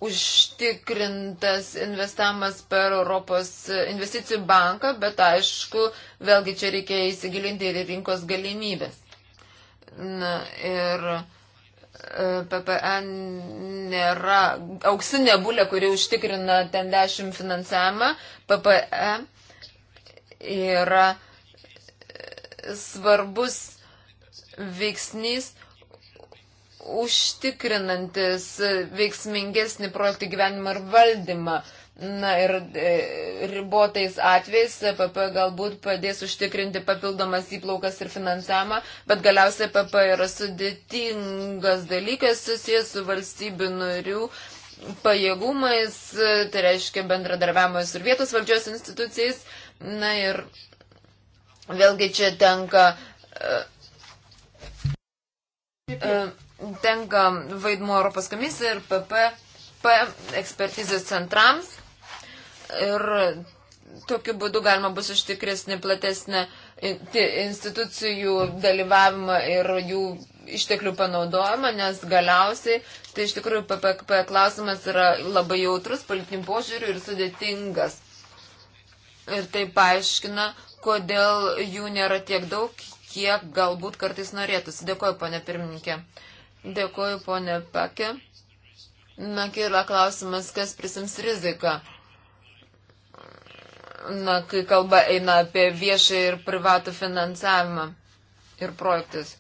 užtikrintas investavimas per Europos investicijų banką, bet aišku, vėlgi čia reikia įsigilinti ir rinkos galimybės. Na, ir PPN nėra auksinė bulė, kuri užtikrina ten 10 finansavimą. PPN e yra e, svarbus veiksnys užtikrinantis veiksmingesnį projektų gyvenimą ir valdymą. Na ir e, ribotais atvejais PP e galbūt padės užtikrinti papildomas įplaukas ir finansavimą, bet galiausiai PP e yra sudėtingas dalykas susijęs su valstybių narių pajėgumais, tai reiškia bendradarbiavimas ir vietos valdžios institucijais. Na ir vėlgi čia tenka. Tenka vaidmuo Europos komisija ir PP ekspertizės centrams ir tokiu būdu galima bus užtikresnė platesnė institucijų dalyvavimą ir jų išteklių panaudojimą, nes galiausiai tai iš tikrųjų PPP klausimas yra labai jautrus politinių požiūrių ir sudėtingas. Ir tai paaiškina, kodėl jų nėra tiek daug, kiek galbūt kartais norėtųsi. Dėkuoju, ponė pirmininkė. Dėkuoju, ponė Pekė. Na, kyla klausimas, kas prisims riziką na, kai kalba eina apie viešą ir privatų finansavimą ir projektus.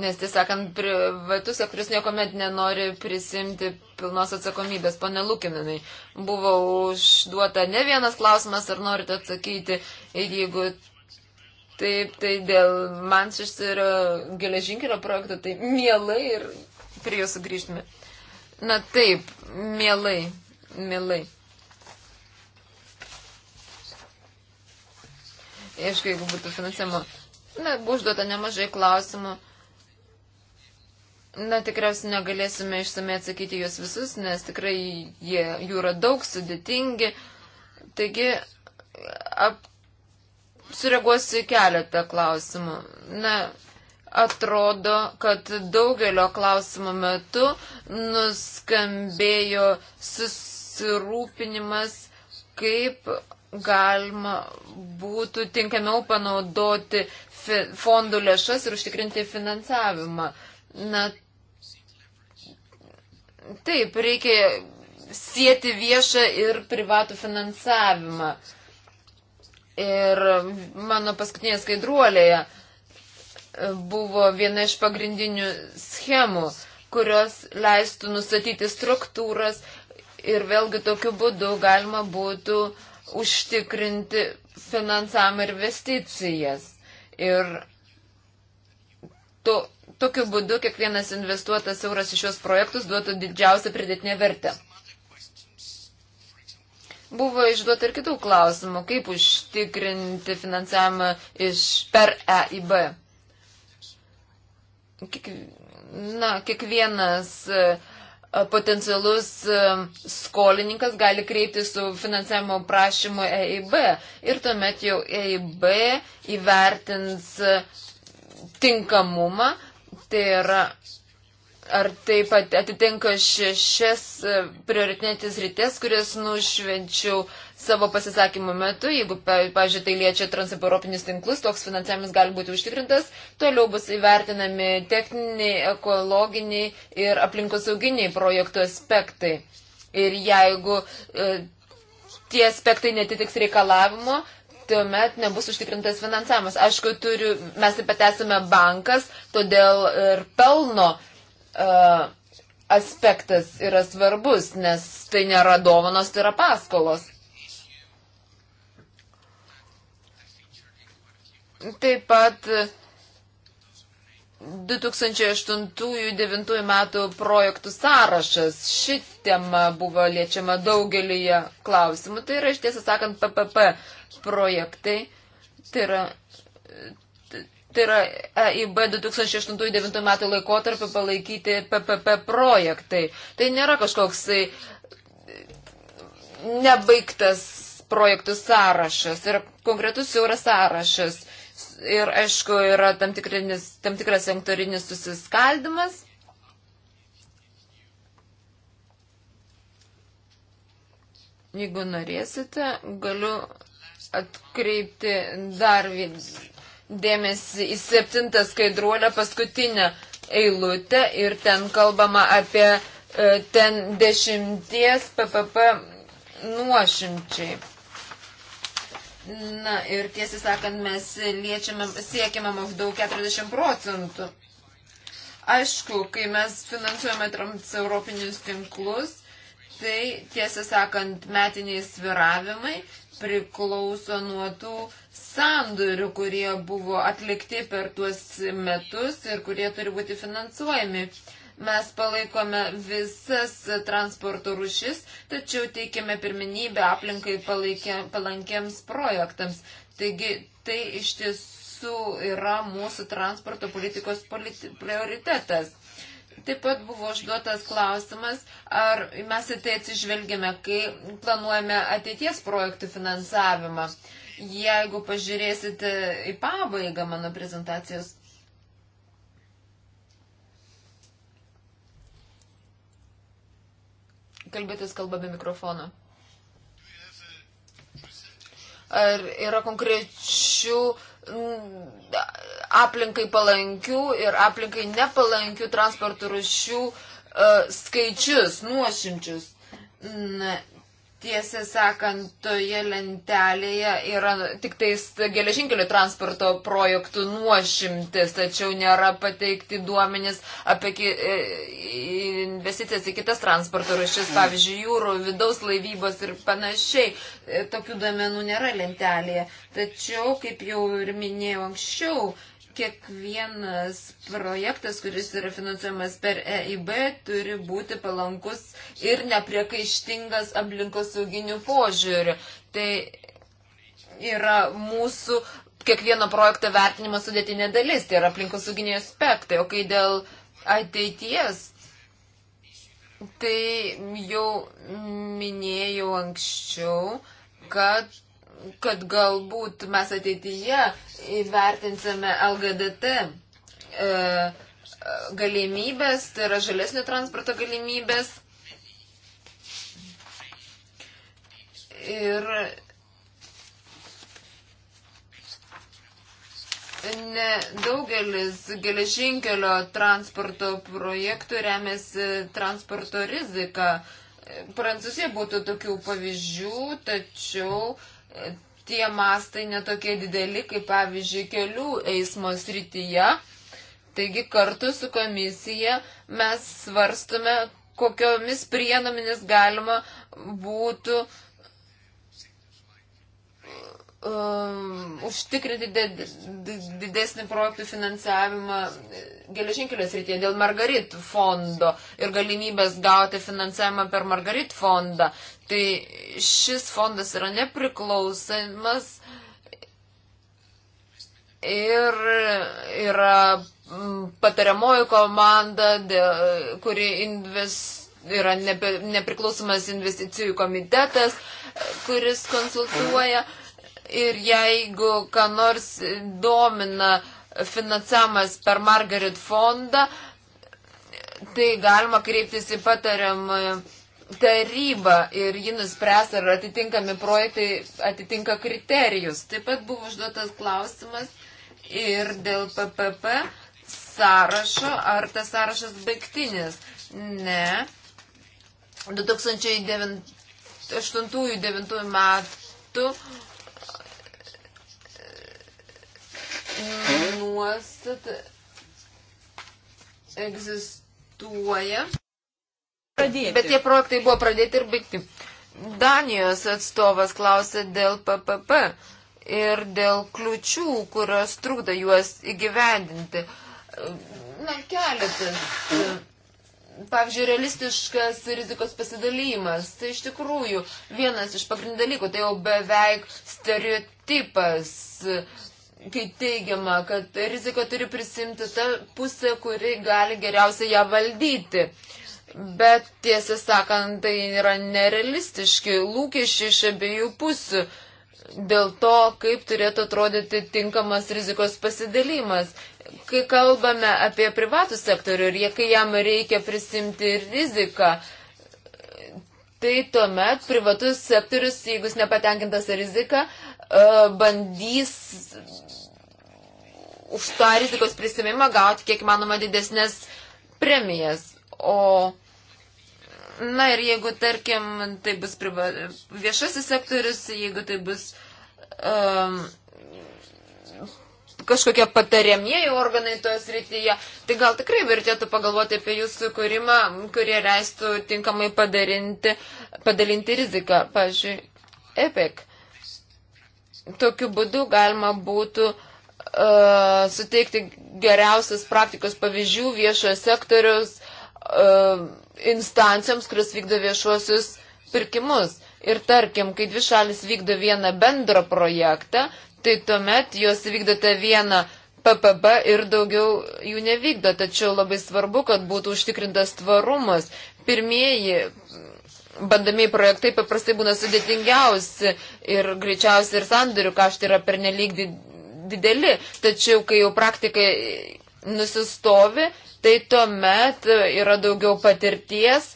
Nes, tiesąkant, privatus sektorius niekuomet nenori prisimti pilnos atsakomybės. Pane Lukininai, buvo užduota ne vienas klausimas, ar norite atsakyti. Ir jeigu taip, tai dėl Manchesterio geležinkelio projekto, tai mielai ir prie jo sugrįžtume. Na taip, mielai, mielai. aišku, jeigu būtų finansuojama. Na, buvo užduota nemažai klausimų. Na, tikriausiai negalėsime išsamei atsakyti juos visus, nes tikrai jie, jų yra daug, sudėtingi. Taigi, ap, sureaguosiu į keletą klausimų. Na, atrodo, kad daugelio klausimų metu nuskambėjo susirūpinimas, kaip galima būtų tinkamiau panaudoti fondų lėšas ir užtikrinti finansavimą. Na, taip, reikia sieti viešą ir privatų finansavimą. Ir mano paskutinėje skaidruolėje buvo viena iš pagrindinių schemų, kurios leistų nustatyti struktūras ir vėlgi tokiu būdu galima būtų uh, užtikrinti finansavimą ir investicijas. Ir to, tokiu būdu kiekvienas investuotas euras į šios projektus duotų didžiausią pridėtinę vertę. Buvo išduota ir kitų klausimų, kaip užtikrinti finansavimą iš per EIB. Kiek, na, kiekvienas uh, potencialus skolininkas gali kreiptis su finansavimo prašymu EIB ir tuomet jau EIB įvertins tinkamumą, tai yra ar taip pat atitinka šešias prioritetinės rytės, kurias nušvenčiau savo pasisakymų metu, jeigu, pažiūrėjau, tai liečia transeuropinius tinklus, toks finansavimas gali būti užtikrintas, toliau bus įvertinami techniniai, ekologiniai ir aplinkosauginiai projektų aspektai. Ir jeigu e, tie aspektai netitiks reikalavimo, tuomet nebus užtikrintas finansavimas. Aišku, turiu, mes taip pat esame bankas, todėl ir pelno uh, aspektas yra svarbus, nes tai nėra dovanos, tai yra paskolos. Taip pat 2008-2009 metų projektų sąrašas. Ši tema buvo liečiama daugelyje klausimų. Tai yra, iš tiesą sakant, PPP projektai. Tai yra, tai yra EIB 2008-2009 metų laikotarpį palaikyti PPP projektai. Tai nėra kažkoksai e, nebaigtas projektų sąrašas. Ir konkretus jau yra sąrašas ir aišku yra tam, tikrinis, tam tikras sektorinis susiskaldimas. Jeigu norėsite, galiu atkreipti dar dėmesį į septintą skaidruolę paskutinę eilutę ir ten kalbama apie e, ten dešimties PPP nuošimčiai. Na ir tiesą sakant, mes liečiame, siekime maždaug 40 procentų. Aišku, kai mes finansuojame transeuropinius tinklus, tai tiesą sakant, metiniai sviravimai priklauso nuo tų sandorių, kurie buvo atlikti per tuos metus ir kurie turi būti finansuojami. Uh, Mes palaikome visas transporto rušis, tačiau teikiame pirminybę aplinkai palankiems projektams. Taigi tai iš tiesų yra mūsų transporto politikos politi prioritetas. Taip pat buvo užduotas klausimas, ar mes į tai atsižvelgiame, kai planuojame ateities projektų finansavimą. Jeigu pažiūrėsite į pabaigą mano prezentacijos Kalbėtis kalba be mikrofono. Ar yra konkrečių mm, aplinkai palankių ir aplinkai nepalankių transporto rušių uh, skaičius, nuošimčius. Na, Tiesą sakant, toje lentelėje yra tik tais geležinkelių transporto projektų nuošimtis, tačiau nėra pateikti duomenys apie e, investicijas į kitas transporto rušis, pavyzdžiui, jūrų, vidaus laivybos ir panašiai. E, tokių duomenų nėra lentelėje. Tačiau, kaip jau ir minėjau anksčiau, kiekvienas projektas, kuris yra finansuojamas per EIB, turi būti palankus ir nepriekaištingas aplinkosauginių požiūrių. Tai yra mūsų kiekvieno projekto vertinimo sudėtinė dalis, tai yra aplinkosauginiai aspektai. O kai dėl ateities, tai jau minėjau anksčiau, kad kad galbūt mes ateityje įvertinsime LGDT e, e, galimybės, tai yra žalesnio transporto galimybės. Ir nedaugelis geležinkelio transporto projektų remiasi transporto rizika. Prancūzija būtų tokių pavyzdžių, tačiau uh, tie mastai netokie dideli, kaip pavyzdžiui, kelių eismo srityje. Taigi kartu su komisija mes svarstume, kokiomis prienomis galima būtų um, užtikrinti did, did, didesnį projektų finansavimą geležinkelio srityje dėl Margarit fondo ir galimybės gauti finansavimą per Margarit fondą. Tai šis fondas yra nepriklausomas ir yra mm, patariamoji komanda, kuri investuoja yra nepriklausomas investicijų komitetas, kuris konsultuoja. Mm Ir jeigu ką nors domina finansavimas per Margaret fondą, tai galima kreiptis į patariamą tarybą ir ji nuspręs, ar atitinkami projektai atitinka kriterijus. Taip pat buvo užduotas klausimas ir dėl PPP sąrašo, ar tas sąrašas baigtinis. Ne. 2008-2009 metų nuostata egzistuoja. Pradėti. Bet tie projektai buvo pradėti ir baigti. Danijos atstovas klausė dėl PPP ir dėl kliučių, kurios trukda juos įgyvendinti. Na, keletas. Pavyzdžiui, realistiškas rizikos pasidalymas. Tai iš tikrųjų vienas iš pagrindų dalykų, tai jau beveik stereotipas kai teigiama, kad riziką turi prisimti ta pusė, kuri gali geriausiai ją valdyti. Bet tiesą sakant, tai yra nerealistiški lūkesčiai iš abiejų pusių dėl to, kaip turėtų atrodyti tinkamas rizikos pasidalymas. Kai kalbame apie privatų sektorių ir jie, kai jam reikia prisimti riziką, tai tuomet privatus sektorius, jeigu jis nepatenkintas rizika, E, bandys už tą rizikos prisimimą gauti kiek manoma didesnės premijas. O Na ir jeigu, tarkim, tai bus priva... viešasis sektorius, jeigu tai bus um, kažkokie patariamieji organai toje srityje, tai gal tikrai vertėtų pagalvoti apie jų sukūrimą, kurie leistų tinkamai padarinti, padalinti riziką. Pavyzdžiui, EPEC tokiu būdu galima būtų uh, suteikti geriausias praktikos pavyzdžių viešojo sektoriaus uh, instancijoms, kurios vykdo viešuosius pirkimus. Ir tarkim, kai dvi šalis vykdo vieną bendrą projektą, tai tuomet jos vykdote vieną PPP ir daugiau jų nevykdo. Tačiau labai svarbu, kad būtų užtikrintas tvarumas. Pirmieji bandamiai projektai paprastai būna sudėtingiausi ir greičiausiai ir sandorių kaštai yra pernelyg dideli. Tačiau, kai jau praktikai nusistovi, tai tuomet yra daugiau patirties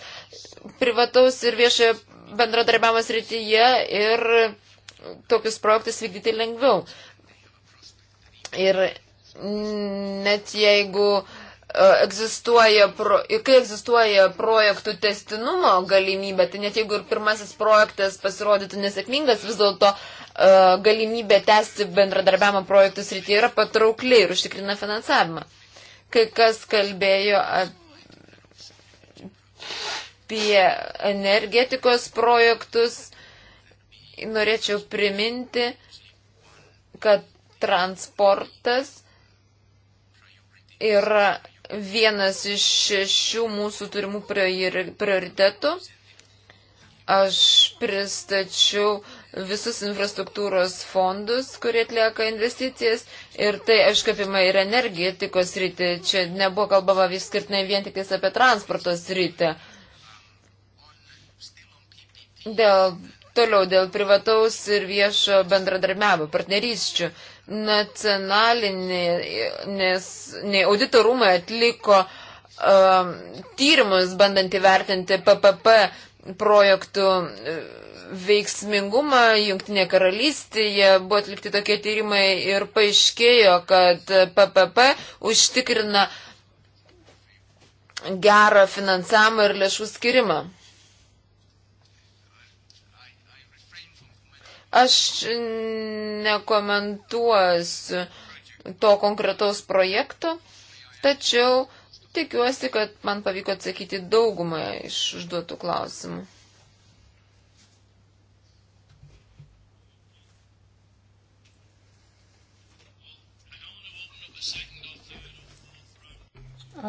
privataus ir viešojo bendradarbiavimo srityje ir tokius projektus vykdyti lengviau. Ir net jeigu uh, E, egzistuoja, pro, kai egzistuoja projektų testinumo galimybė, tai net jeigu ir pirmasis projektas pasirodytų nesėkmingas, vis dėlto e, galimybė tęsti bendradarbiavimo projektus rytyje yra patraukli ir užtikrina finansavimą. Kai kas kalbėjo apie energetikos projektus, norėčiau priminti, kad transportas yra vienas iš šešių mūsų turimų prioritetų. Aš pristačiau visus infrastruktūros fondus, kurie atlieka investicijas ir tai, aišku, apima ir energetikos rytį. Čia nebuvo kalbama viskirtinai vien tik apie transportos rytį. Dėl, toliau dėl privataus ir viešo bendradarbiavimo partnerysčių. Uh, nacionalinės auditorumai atliko um, tyrimus, bandant įvertinti PPP projektų uh, veiksmingumą Junktinėje karalystėje. Buvo atlikti tokie tyrimai ir paaiškėjo, kad PPP užtikrina gerą finansavimą ir lėšų skirimą. Aš nekomentuosiu to konkretaus projekto, tačiau tikiuosi, kad man pavyko atsakyti daugumą iš užduotų klausimų.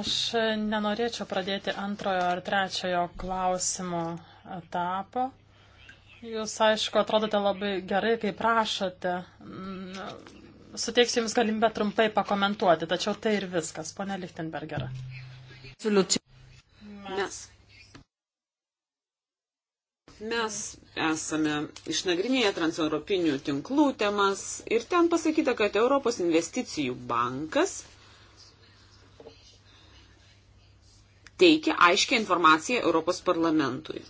Aš nenorėčiau pradėti antrojo ar trečiojo klausimo etapo. Jūs, aišku, atrodote labai gerai, kaip prašote. Mm, suteiksiu Jums galimybę trumpai pakomentuoti, tačiau tai ir viskas, ponė Lichtenbergera. Absoliučiai. Mes. Mes esame išnagrinėję transeuropinių tinklų temas ir ten pasakyta, kad Europos investicijų bankas teikia aiškę informaciją Europos parlamentui.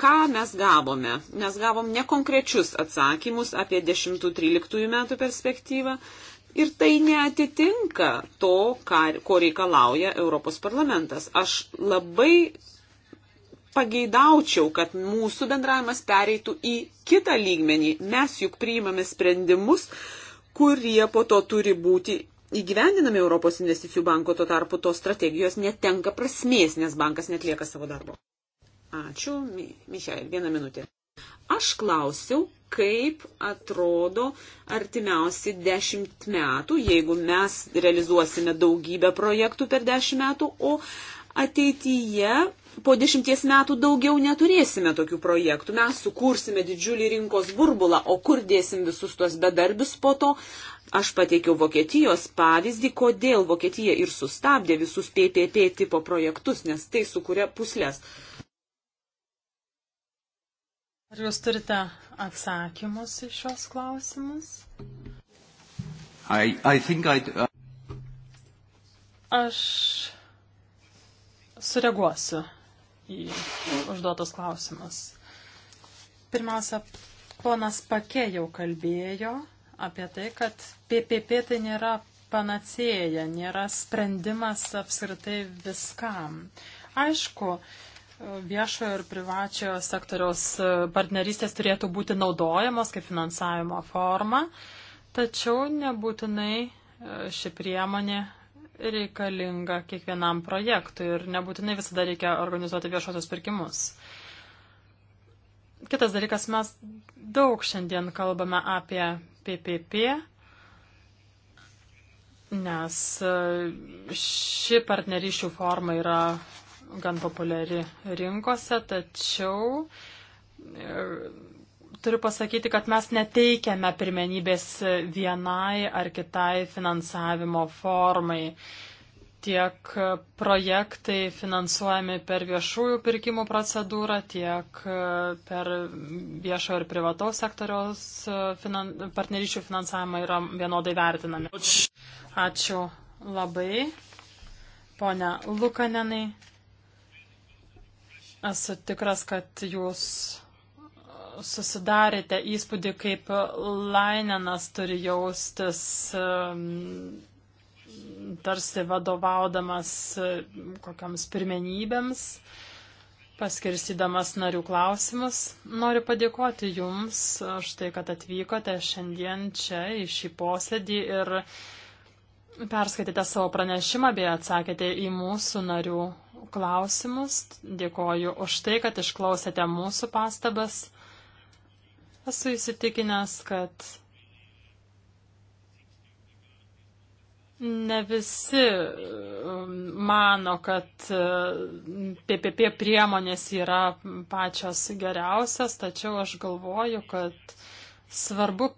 Ką mes gavome? Mes gavom nekonkrečius atsakymus apie 10-13 metų perspektyvą ir tai neatitinka to, ką, ko reikalauja Europos parlamentas. Aš labai pageidaučiau, kad mūsų bendravimas pereitų į kitą lygmenį. Mes juk priimame sprendimus, kurie po to turi būti įgyvendinami Europos investicijų banko, tuo tarpu tos strategijos netenka prasmės, nes bankas netlieka savo darbo. Ačiū, Michael, vieną minutę. Aš klausiau, kaip atrodo artimiausi dešimt metų, jeigu mes realizuosime daugybę projektų per dešimt metų, o ateityje po dešimties metų daugiau neturėsime tokių projektų. Mes sukursime didžiulį rinkos burbulą, o kur dėsim visus tuos bedarbius po to? Aš pateikiau Vokietijos pavyzdį, kodėl Vokietija ir sustabdė visus PPP tipo projektus, nes tai sukuria puslės. Uh, Ar jūs turite atsakymus į šios klausimus? I, I think I'd, uh... Aš sureaguosiu į užduotus klausimus. Pirmiausia, ponas Pakė jau kalbėjo apie tai, kad PPP tai nėra panacėja, nėra sprendimas apskritai viskam. Aišku, uh, viešojo ir privačiojo sektoriaus e, partnerystės turėtų būti naudojamos kaip finansavimo forma, tačiau nebūtinai e, ši priemonė reikalinga kiekvienam projektui ir nebūtinai visada reikia organizuoti viešosios pirkimus. Kitas dalykas, mes daug šiandien kalbame apie PPP, nes e, ši partnerysčių forma yra gan populiari rinkose, tačiau e, turiu pasakyti, kad mes neteikiame pirmenybės vienai ar kitai finansavimo formai. Tiek projektai finansuojami per viešųjų pirkimų procedūrą, tiek e, per viešo ir privataus sektoriaus e, finan... partnerysčių finansavimą yra vienodai vertinami. Ačiū labai, ponia Lukanenai. Esu tikras, kad jūs susidarėte įspūdį, kaip Lainenas turi jaustis tarsi vadovaudamas kokiams pirmenybėms, paskirstydamas narių klausimus. Noriu padėkoti Jums už tai, kad atvykote šiandien čia į šį posėdį ir perskaitėte savo pranešimą bei atsakėte į mūsų narių klausimus. Dėkoju už tai, kad išklausėte mūsų pastabas. Esu įsitikinęs, kad Ne visi um, mano, kad PPP uh, priemonės yra pačios geriausias, tačiau aš galvoju, kad svarbu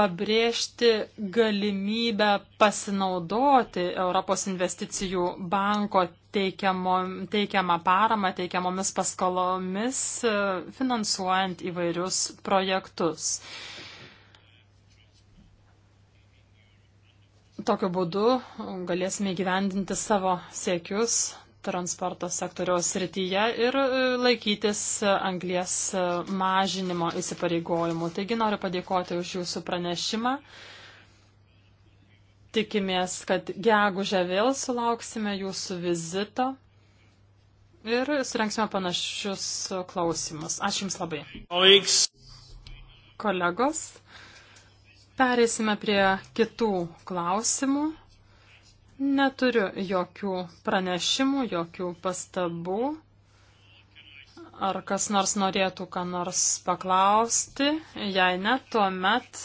pabrėžti galimybę pasinaudoti Europos investicijų banko teikiamo, teikiamą paramą, teikiamomis paskolomis, e, finansuojant įvairius projektus. Tokiu būdu galėsime įgyvendinti savo siekius transporto sektoriaus srityje ir e, laikytis e, anglies e, mažinimo įsipareigojimų. Taigi noriu padėkoti už jūsų pranešimą. Tikimės, kad gegužę vėl sulauksime jūsų vizito ir surenksime panašius klausimus. Ačiū Jums labai. Kolegos, pereisime prie kitų klausimų. Neturiu jokių pranešimų, jokių pastabų. Ar kas nors norėtų ką nors paklausti? Jei ne, tuomet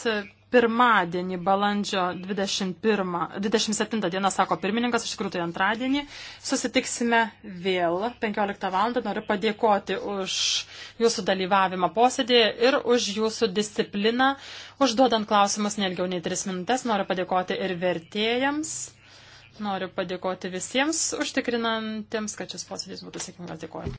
pirmadienį, balandžio 21, 27 dieną, sako pirmininkas, iš tikrųjų tai antradienį, susitiksime vėl 15 val. Noriu padėkoti už jūsų dalyvavimą posėdėje ir už jūsų discipliną, užduodant klausimus nelgiau nei 3 minutės. Noriu padėkoti ir vertėjams. Noriu padėkoti visiems užtikrinantiems, kad šis posėdis būtų sėkmingas. Dėkuoju.